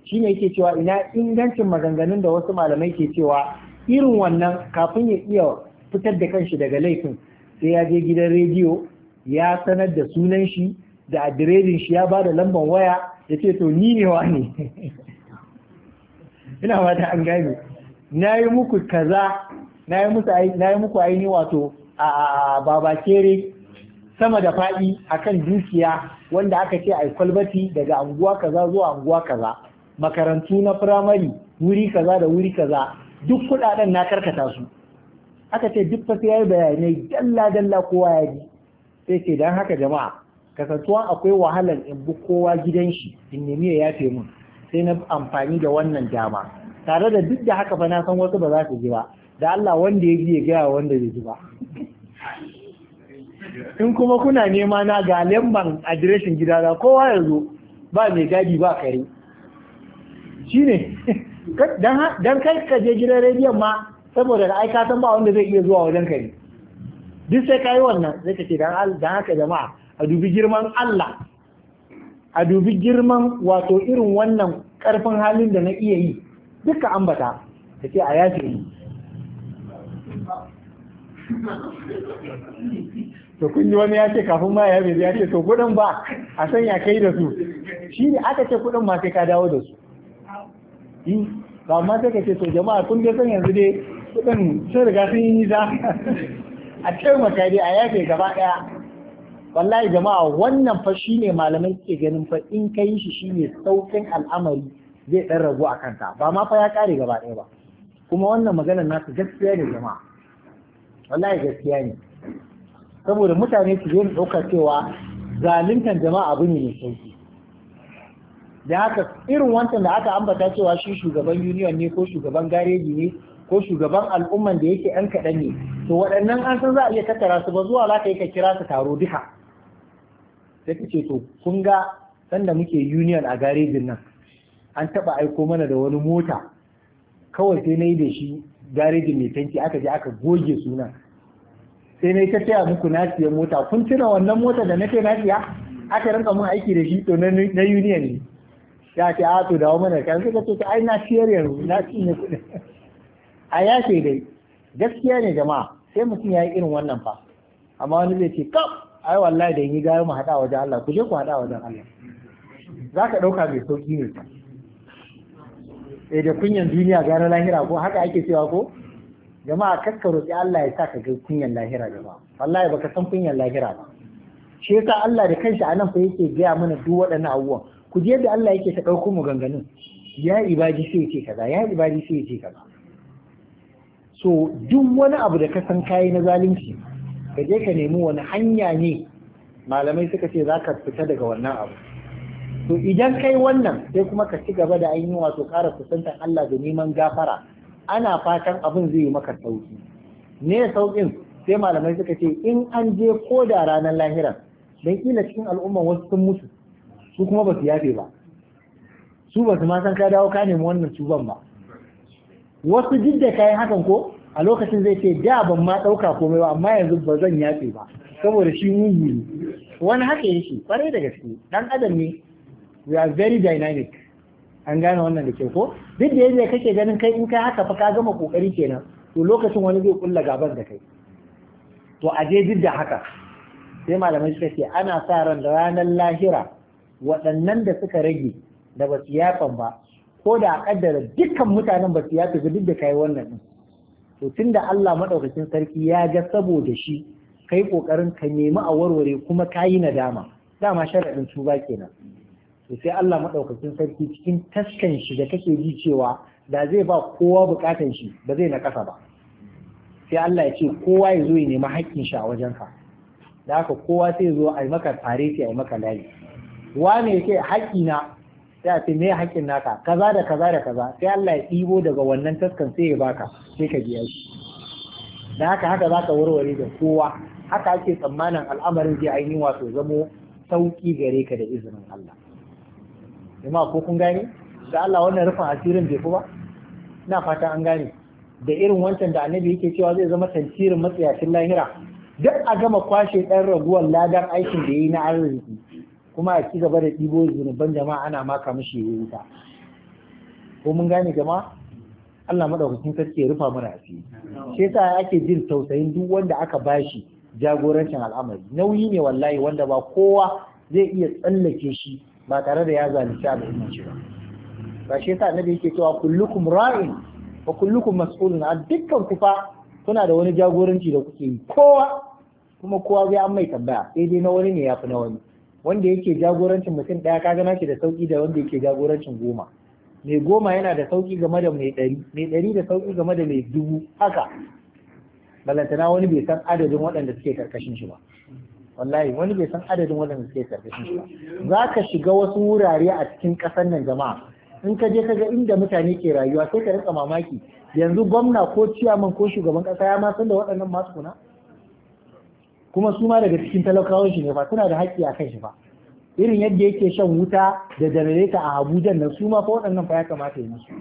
shi ne yake cewa ina ingancin maganganun da wasu malamai ke cewa irin wannan kafin ya iya fitar da kanshi daga laifin sai ya je gidan rediyo ya sanar da sunan shi da adireshin shi ya ba da lambar waya ya ce to ni ne wani ina fata an gane na yi muku kaza na yi muku aini wato a babakere sama da faɗi akan dukiya wanda aka ce a kwalbati daga anguwa kaza zuwa anguwa kaza makarantu na firamare wuri kaza da wuri kaza duk kuɗaɗen na karkata su aka ce duk fa sai bayanai dalla dalla kowa ya ji sai ce dan haka jama'a kasantuwa akwai wahalar in bi kowa gidan shi in nemi ya yafe mun sai na amfani da wannan dama tare da duk da haka fa na san wasu ba za su ji ba da Allah wanda ya ji ya gaya wanda ya ji ba in kuma kuna nema na ga lemban adireshin gidana kowa ya zo ba mai gadi ba kare Shi ne, don kai ka je gidan rediyon ma saboda da aika san ba wanda zai iya zuwa wajen kai duk sai kai wannan zai ka ce don haka jama'a a dubi girman Allah a dubi girman wato irin wannan karfin halin da na iya yi duka ambata ta ce a yafe yi. to kun ji wani ya ce kafin ma ya yafe ya ce to kudin ba a sanya kai da su shi ne aka ce kudin ma sai ka dawo da su yi ba ma sai ka to jama'a kun dai san yanzu dai kudin sun riga sun yi nisa a taimaka dai a yafe gaba daya wallahi jama'a wannan fa shine malamai ke ganin fa in ka shi shine saukin al'amari zai dan ragu a kanta ba ma fa ya kare gaba daya ba kuma wannan maganar na ta gaskiya ne jama'a wallahi gaskiya ne saboda mutane su zo ɗaukar cewa zaluntar jama'a abu ne mai sauki da haka irin wancan da aka ambata cewa shi shugaban union ne ko shugaban gareji ne ko shugaban al'umman da yake ɗan kaɗan ne to waɗannan an san za a iya tattara su ba zuwa za ka yi ka kira su taro duka sai ka ce to kun ga sanda muke union a garejin nan an taɓa aiko mana da wani mota kawai sai na yi da shi garejin mai tanki aka je aka goge sunan sai na yi ta taya muku na siya mota kun tuna wannan mota da na ce na siya aka rinka mun aiki da shi to na union ne ya ce a to dawo mana kan suka ce ai na ciyar yanzu na cinye kuɗi a ya ce dai gaskiya ne jama'a sai mutum ya yi irin wannan fa amma wani zai ce kaf ai wallahi da yi gayo mu haɗa wajen Allah ku je ku haɗa wajen Allah za ka ɗauka mai sauƙi ne eh da kunyan duniya gane lahira ko haka ake cewa ko jama'a kakka roƙi Allah ya sa ka ga kunyan lahira jama'a wallahi baka san kunyan lahira ba shi yasa Allah da kanshi anan fa yake gaya mana duk waɗannan abubuwan ku ji yadda Allah yake ta ɗauko mu ganganin ya ibadi sai ce kaza ya ibadi sai ce kaza so duk wani abu da ka san kayi na zalunci ka je ka nemi wani hanya ne malamai suka ce za ka fita daga wannan abu to idan kai wannan sai kuma ka ci gaba da ainihin wato ƙara kusantar Allah da neman gafara ana fatan abin zai yi maka sauki ne sauƙin sai malamai suka ce in an je ko da ranar lahira dan kila cikin al'umma wasu sun mutu su kuma ba su yafe ba su ba su ma san ka dawo ka nemi wannan tuban ba wasu duk da kayan hakan ko a lokacin zai ce da ban ma ɗauka komai ba amma yanzu ba zan yafe ba saboda shi mugu ne wani haka yake kwarai da gaske dan adam ne we are very dynamic an gane wannan da ke ko duk da yadda kake ganin kai in kai haka fa ka gama kokari kenan to lokacin wani zai kulla gaban da kai to a je duk da haka sai malamai suka ce ana sa ran da ranar lahira waɗannan da suka rage da ba su yafan ba ko da a kaddara dukkan mutanen ba su yafi duk da kai wannan din to tunda Allah madaukakin sarki ya ga saboda shi kai kokarin ka nemi a warware kuma kayi nadama dama sharadin tuba kenan to sai Allah madaukakin sarki cikin taskan shi da kake ji cewa da zai ba kowa bukatan shi ba zai na kasa ba sai Allah ya ce kowa ya zo ya nemi haƙƙin shi a wajenka da haka kowa sai ya zo a yi maka fareti a yi maka layi wane ce haƙina sai a ce me haƙin naka kaza da kaza da kaza sai Allah ya ɗibo daga wannan taskan sai ya baka sai ka biya shi da haka haka za ka warware da kowa haka ake tsammanin al'amarin zai ainihin wato zamo sauƙi gare ka da izinin Allah amma ko kun gane da Allah wannan rufin asirin bai fi ba ina fata an gane da irin wancan da annabi yake cewa zai zama tantirin matsayacin lahira duk a gama kwashe ɗan raguwar ladan aikin da yi na arziki kuma a ci gaba da ɗibo zunuban jama'a ana maka mishi ya wuta ko mun gane jama'a Allah maɗaukacin sarki ya rufa mana asiri shi yasa ake jin tausayin duk wanda aka bashi jagorancin al'amari nauyi ne wallahi wanda ba kowa zai iya tsallake shi ba tare da ya zalunci al'umma ba ba shi yasa annabi yake cewa kullukum ra'in wa kullukum mas'ulun a dukkan ku fa kuna da wani jagoranci da kuke yi kowa kuma kowa zai an mai tambaya sai dai na wani ne ya fi na wani wanda yake jagorancin mutum ɗaya ka gana shi da sauki da wanda yake jagorancin goma mai goma yana da sauki game da mai ɗari mai ɗari da sauki game da mai dubu haka balantana wani bai san adadin waɗanda suke karkashin shi ba wallahi wani bai san adadin waɗanda suke karkashin shi ba za ka shiga wasu wurare a cikin ƙasar nan jama'a in ka je ka ga inda mutane ke rayuwa sai ka rinka mamaki yanzu gwamna ko ciyaman ko shugaban ƙasa ya ma san da waɗannan masu kuna kuma su ma daga cikin talakawan shi ne ba suna da haƙƙi a kan shi ba irin yadda yake shan wuta da janareta a Abuja nan su ma fa waɗannan fa ya kamata ya musu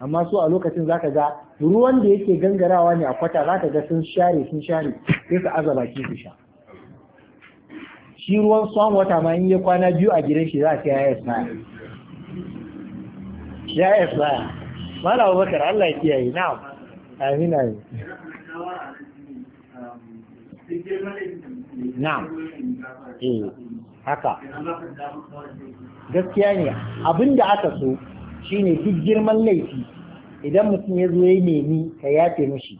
amma su a lokacin zaka ga ruwan da yake gangarawa ne a kwata zaka ga sun share sun share sai su aza baki su sha shi ruwan swan wata ma in ya kwana biyu a gidan shi za a ce ya tsaya ya expire mala abubakar Allah ya kiyaye na Amina ne. na'am eh haka gaskiya ne abin da aka so shine duk girman laifi idan mutum ya zo ya nemi ka yafe mishi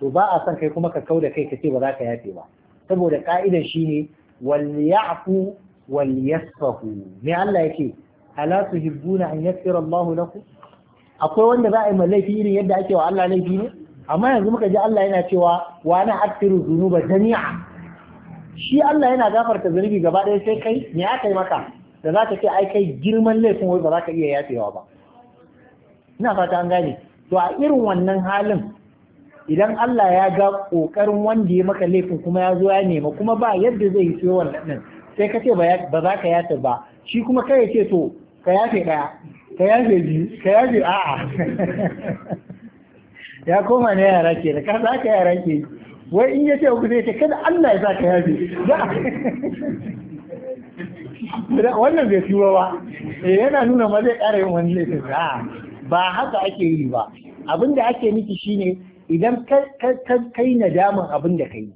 to ba a son kai kuma ka kau da kai ka ce ba za ka yafe ba saboda ka'idar shine wal ya'fu wal yasfahu ne Allah yake ala tuhibbuna an yaghfira Allah lakum akwai wanda za a yi laifi irin yadda ake wa Allah laifi ne amma yanzu muka ji Allah yana cewa wa na aktiru zunuba jami'a shi Allah yana gafarta zunubi gaba ɗaya sai kai me aka yi maka da za ka ce ai kai girman laifin wai ba za ka iya yafewa ba ina fata an gane to a irin wannan halin idan Allah ya ga kokarin wanda ya maka laifin kuma ya zo ya nema kuma ba yadda zai yi ciwo wannan sai ka ce ba za ka yafe ba shi kuma kai ya ce to ka yafe ɗaya ka yafe biyu ka yafe a'a ya koma ne yara ke da kasa aka yara ke wai in ya ce ku zai ce kada Allah ya sa ka yafe wannan bai fi ba eh yana nuna ma zai kare yin wani laifin ba haka ake yi ba abin da ake miki shine idan kai nadaman abin da kai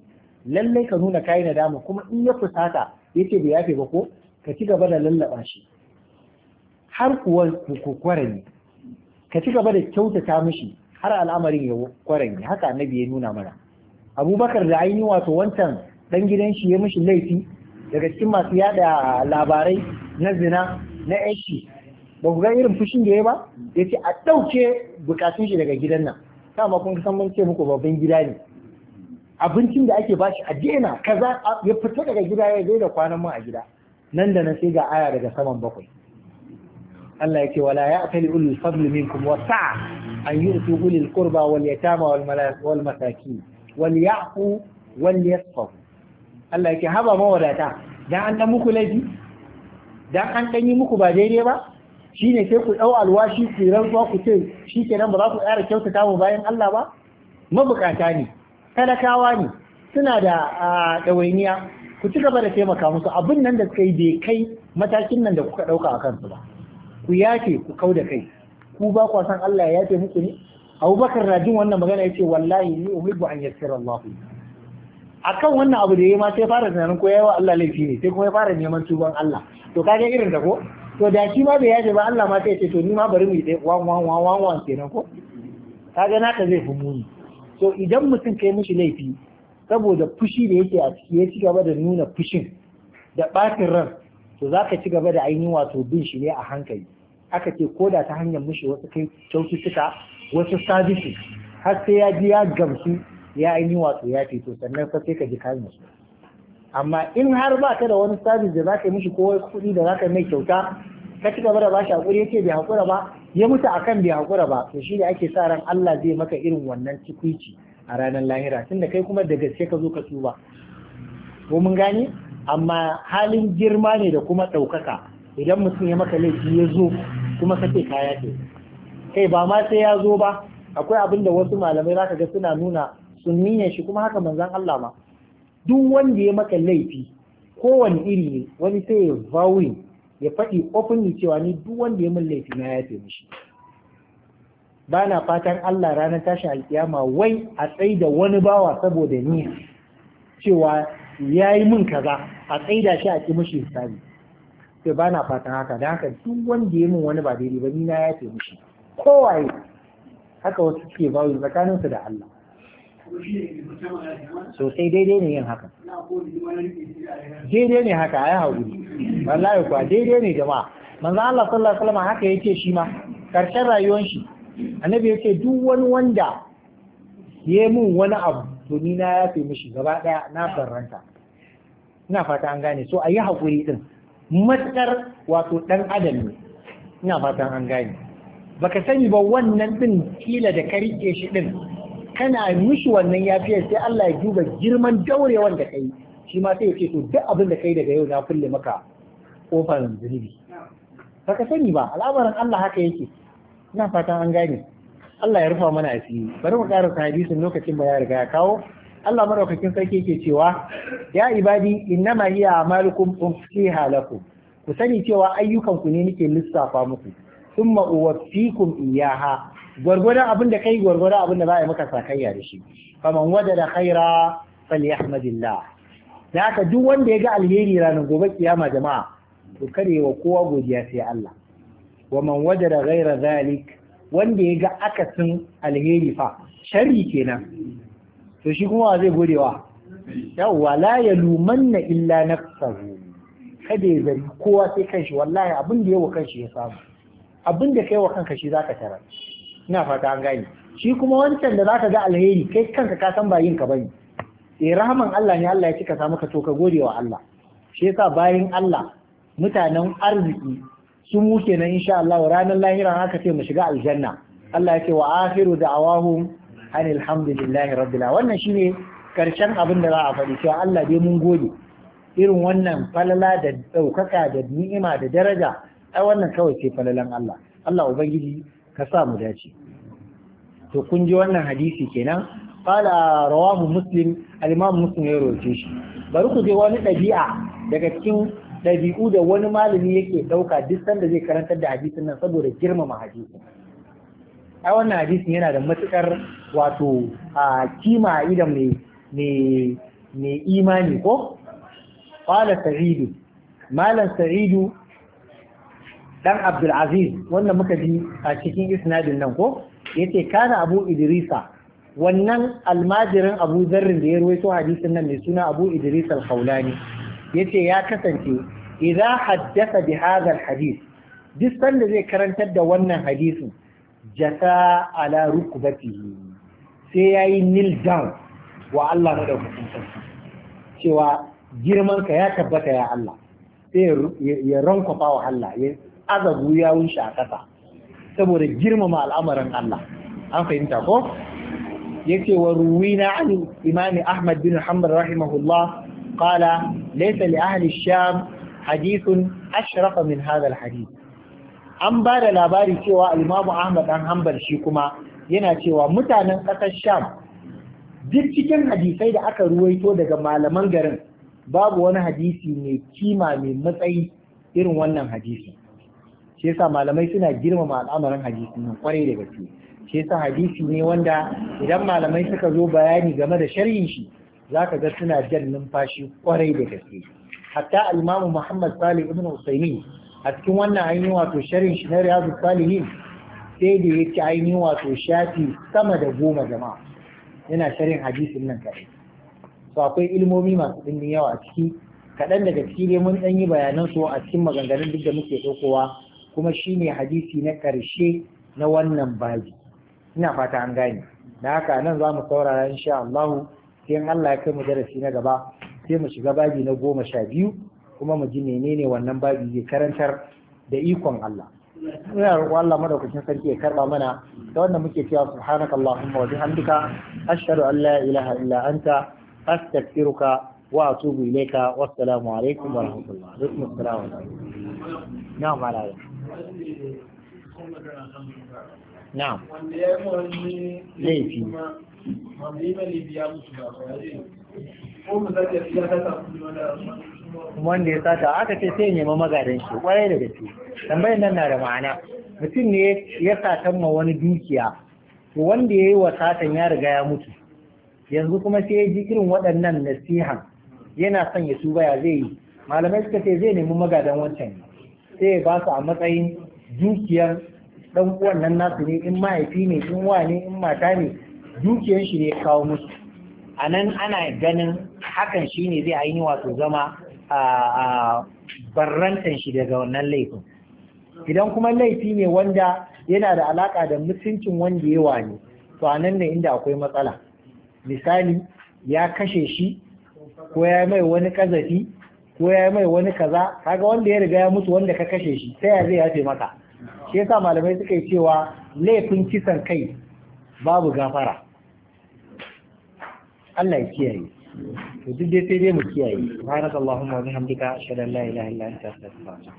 lallai ka nuna kai nadama kuma in ya fusata yace bai yafe ba ko ka ci gaba da lallaba shi har kuwa ku kware ne ka ci gaba da kyautata mishi har al'amarin ya kwarai ne haka annabi ya nuna mana abubakar da ainihin wato wancan dan gidan shi ya mishi laifi daga cikin masu yada labarai na zina na shi. ba ku ga irin fushin da ya ba ya ce a ɗauke bukatun shi daga gidan nan dama kun san mun ce muku babban gida ne abincin da ake bashi a daina kaza ya fita daga gida ya da kwanan mu a gida nan da nan sai ga aya daga saman bakwai Allah yake wala ya atali ulul fadli minkum wasa an yu'tu ulil qurba wal yatama wal wal masakin wal ya'fu wal yasfahu Allah yake haba wadata, dan an dan muku laifi dan an dan yi muku ba daidai ba shine sai ku dau alwashi ku rantsuwa ku ce shikenan ba za ku ƙara kyautata mu bayan Allah ba mabukata ne talakawa ne suna da ɗawainiya ku ci gaba da taimaka musu abin nan da suka yi bai kai matakin nan da kuka ɗauka a kansu ba ku yace ku kau da kai ku ba kwa san Allah ya yace muku ne Abubakar na jin wannan magana yace wallahi ni uhibbu an yassira Allah akan wannan abu da yayi ma sai fara tunanin ko yayi wa Allah laifi ne sai kuma ya fara neman tuban Allah to kaga irin da ko to da shi ma bai yace ba Allah ma sai ya ce to ni ma bari mu yi wan wan wan wan wan kenan ko kaga naka zai fi muni to idan mutum kai mishi laifi saboda fushi da yake a ciki ya ci gaba da nuna fushin da ɓatin ran to za ka ci gaba da ainihin wato bin shi ne a hankali aka ce ko da ta hanyar mishi wasu kyaututtuka wasu sabisi har sai ya ji ya gamsu ya ainihin wato ya fito sannan fa sai ka ji kayan su amma in har ba ka da wani sabis da za ka yi mishi ko wani kuɗi da za ka mai kyauta ka ci gaba da bashi shi ya ce bai hakura ba ya mutu akan bai hakura ba to shi ne ake sa ran Allah zai maka irin wannan cikuici a ranar lahira tunda kai kuma da gaske ka zo ka tuba ko mun gane amma halin girma ne da kuma ɗaukaka idan mutum ya maka laifi ya zo kuma kake kaya ce kai ba ma sai ya zo ba akwai abin da wasu malamai zaka ga suna nuna Sun ne shi kuma haka manzan Allah ma duk wanda ya maka laifi kowane iri ne wani sai ya vowing ya faɗi openly cewa ni duk wanda ya min laifi na ya fi mishi ba na fatan Allah ranar tashin alkiyama wai a tsaida da wani bawa saboda ni cewa ya yi min kaza a tsaida shi a ki mishi hisabi sai ba na fatan haka da haka duk wanda ya min wani ba daidai ba ni na ya ce Ko kowaye haka wasu suke bawu tsakaninsu da Allah sosai daidai ne yin haka daidai ne haka a yi wallahi kuwa daidai ne jama'a manzo Allah sallallahu alaihi wasallam haka yake shi ma karshen rayuwar shi annabi yake duk wani wanda ya min wani abu to ni na yafe mishi gaba ɗaya na faranta. ina fata an gane so a yi haƙuri ɗin matuƙar wato ɗan adam ne ina fatan an gane baka sani ba wannan ɗin kila da ka riƙe shi ɗin kana mishi wannan yafiyar sai Allah ya duba girman wanda da kai shi ma sai ya ce to duk abin da kai daga yau na kulle maka ƙofar zunubi baka sani ba al'amarin Allah haka yake ina fatan an gane Allah ya rufa mana asiri bari mu karanta hadisin lokacin ba ya riga ya kawo Allah madaukakin sarki yake cewa ya ibadi innama hiya amalukum ufsiha lakum ku sani cewa ayyukan ku ne nake lissafa muku thumma uwaffikum iyaha gwargwadon abin da kai gwargwadon abin da za a maka sakayya da shi faman wajada khaira falyahmadillah da aka duk wanda ya ga alheri ranar gobe kiyama jama'a to kare wa kowa godiya sai Allah wa man wajada ghaira zalik wanda ya ga akasin alheri fa shari kenan to shi kuma zai godewa yawwa la yalumanna illa nafsahu kada ya zari kowa sai kanshi wallahi abin da yawa kanshi ya samu abin da kai wa kanka shi zaka tara ina fata an gane shi kuma wancan da zaka ga alheri kai kanka ka san ba yin ka bane eh rahman Allah ne Allah ya cika samu ka to ka gode wa Allah shi yasa bayin Allah mutanen arziki su mu kenan insha Allah ranar lahira aka ce mu shiga aljanna Allah ya ce wa akhiru da'awahum anil hamdulillahi rabbil wannan shine karshen abin da za a faɗi cewa Allah dai mun gode irin wannan falala da ɗaukaka da ni'ima da daraja ai wannan kawai ce falalan Allah Allah ubangiji ka sa mu dace to kun ji wannan hadisi kenan qala rawahu muslim al-imam ya rawaito shi bari ku je wani ɗabi'a daga cikin ɗabi'u da wani malami yake ɗauka duk sanda zai karantar da hadisin nan saboda girmama hadisin a wannan hadisin yana da matukar wato a kima idan mai imani ko Fala sa'idu malam sa'idu dan abdulaziz wanda muka ji a cikin isnadin nan ko Ya ce kana abu idrisa wannan almajirin abu zarrin da ya ruwaito hadisin nan mai suna abu idris al haulani yace ya kasance idza haddasa bi hadha hadith duk sanda zai karantar da wannan hadisin jata ala rukbatihi sai yayi kneel down wa Allah madaukakin sarki cewa girman ka ya tabbata ya Allah sai ya rankwafa wa Allah ya azabu ya wunshi a kasa saboda girmama al'amarin Allah an fahimta ko yace wa ruwina an imami Ahmad bin Hanbal rahimahullah قال ليس لأهل الشام حديث أشرف من هذا الحديث an ba da labari cewa Alimamu Ahmad dan Hanbal shi kuma yana cewa mutanen ƙasar Sham duk cikin hadisai da aka ruwaito daga malaman garin babu wani hadisi mai kima mai matsayi irin wannan hadisi shi yasa malamai suna girmama al'amarin hadisi nan kwarai da gaske shi yasa hadisi ne wanda idan malamai suka zo bayani game da sharhin shi za ka ga suna jan numfashi kwarai da gaske hatta almamu muhammad salih ibn usaini a cikin wannan ainihin wato sharin shi na riyazu salihin sai da ya ci ainihin wato shafi sama da goma jama'a yana sharin hadisin nan kaɗai to akwai ilmomi masu ɗimbin yawa a ciki kaɗan daga ciki dai mun ɗan yi bayanan su a cikin maganganun duk da muke ɗaukowa kuma shine hadisi na ƙarshe na wannan baji ina fata an gane da haka nan za mu saurara insha Allahu sai Allah ya kai mu darasi na gaba sai mu shiga babi na goma sha biyu kuma mu ji menene wannan babi zai karantar da ikon Allah ina roƙon Allah madaukakin sarki ya karba mana da wannan muke cewa subhanakallahumma wa bihamdika ashhadu an la ilaha illa anta astaghfiruka wa atubu ilayka wassalamu alaikum wa rahmatullah alaikum assalam wa rahmatullah na'am ala na'am laifi wanda ya sata aka ce sai nema magadan shi kwarai da gaske tambayar nan na da ma'ana mutum ne ya satan ma wani dukiya wanda ya yi wa satan ya riga ya mutu yanzu kuma sai ya ji irin waɗannan nasihan yana son ya tuba ya zai yi malamai suka ce zai nemi magadan wancan sai ya ba su a matsayin dukiyar ɗan uwan nan nasu ne in mahaifi ne in wa ne in mata ne dukiyar shi ne kawo musu a nan ana ganin hakan shi ne zai ainihi wato zama a barrantan shi daga wannan laifin idan kuma laifi ne wanda yana da alaka da mutuncin wanda yawa ne to a nan ne inda akwai matsala misali ya kashe shi ko ya mai wani kazafi ko ya mai wani kaza kaga wanda ya riga ya mutu wanda ka kashe shi sai ya zai yafe maka shi yasa malamai suka yi cewa laifin kisan kai babu gafara Allah ya kiyaye to duk dai sai dai mu kiyaye subhanakallahumma wa bihamdika ashhadu an la ilaha illa anta astaghfiruka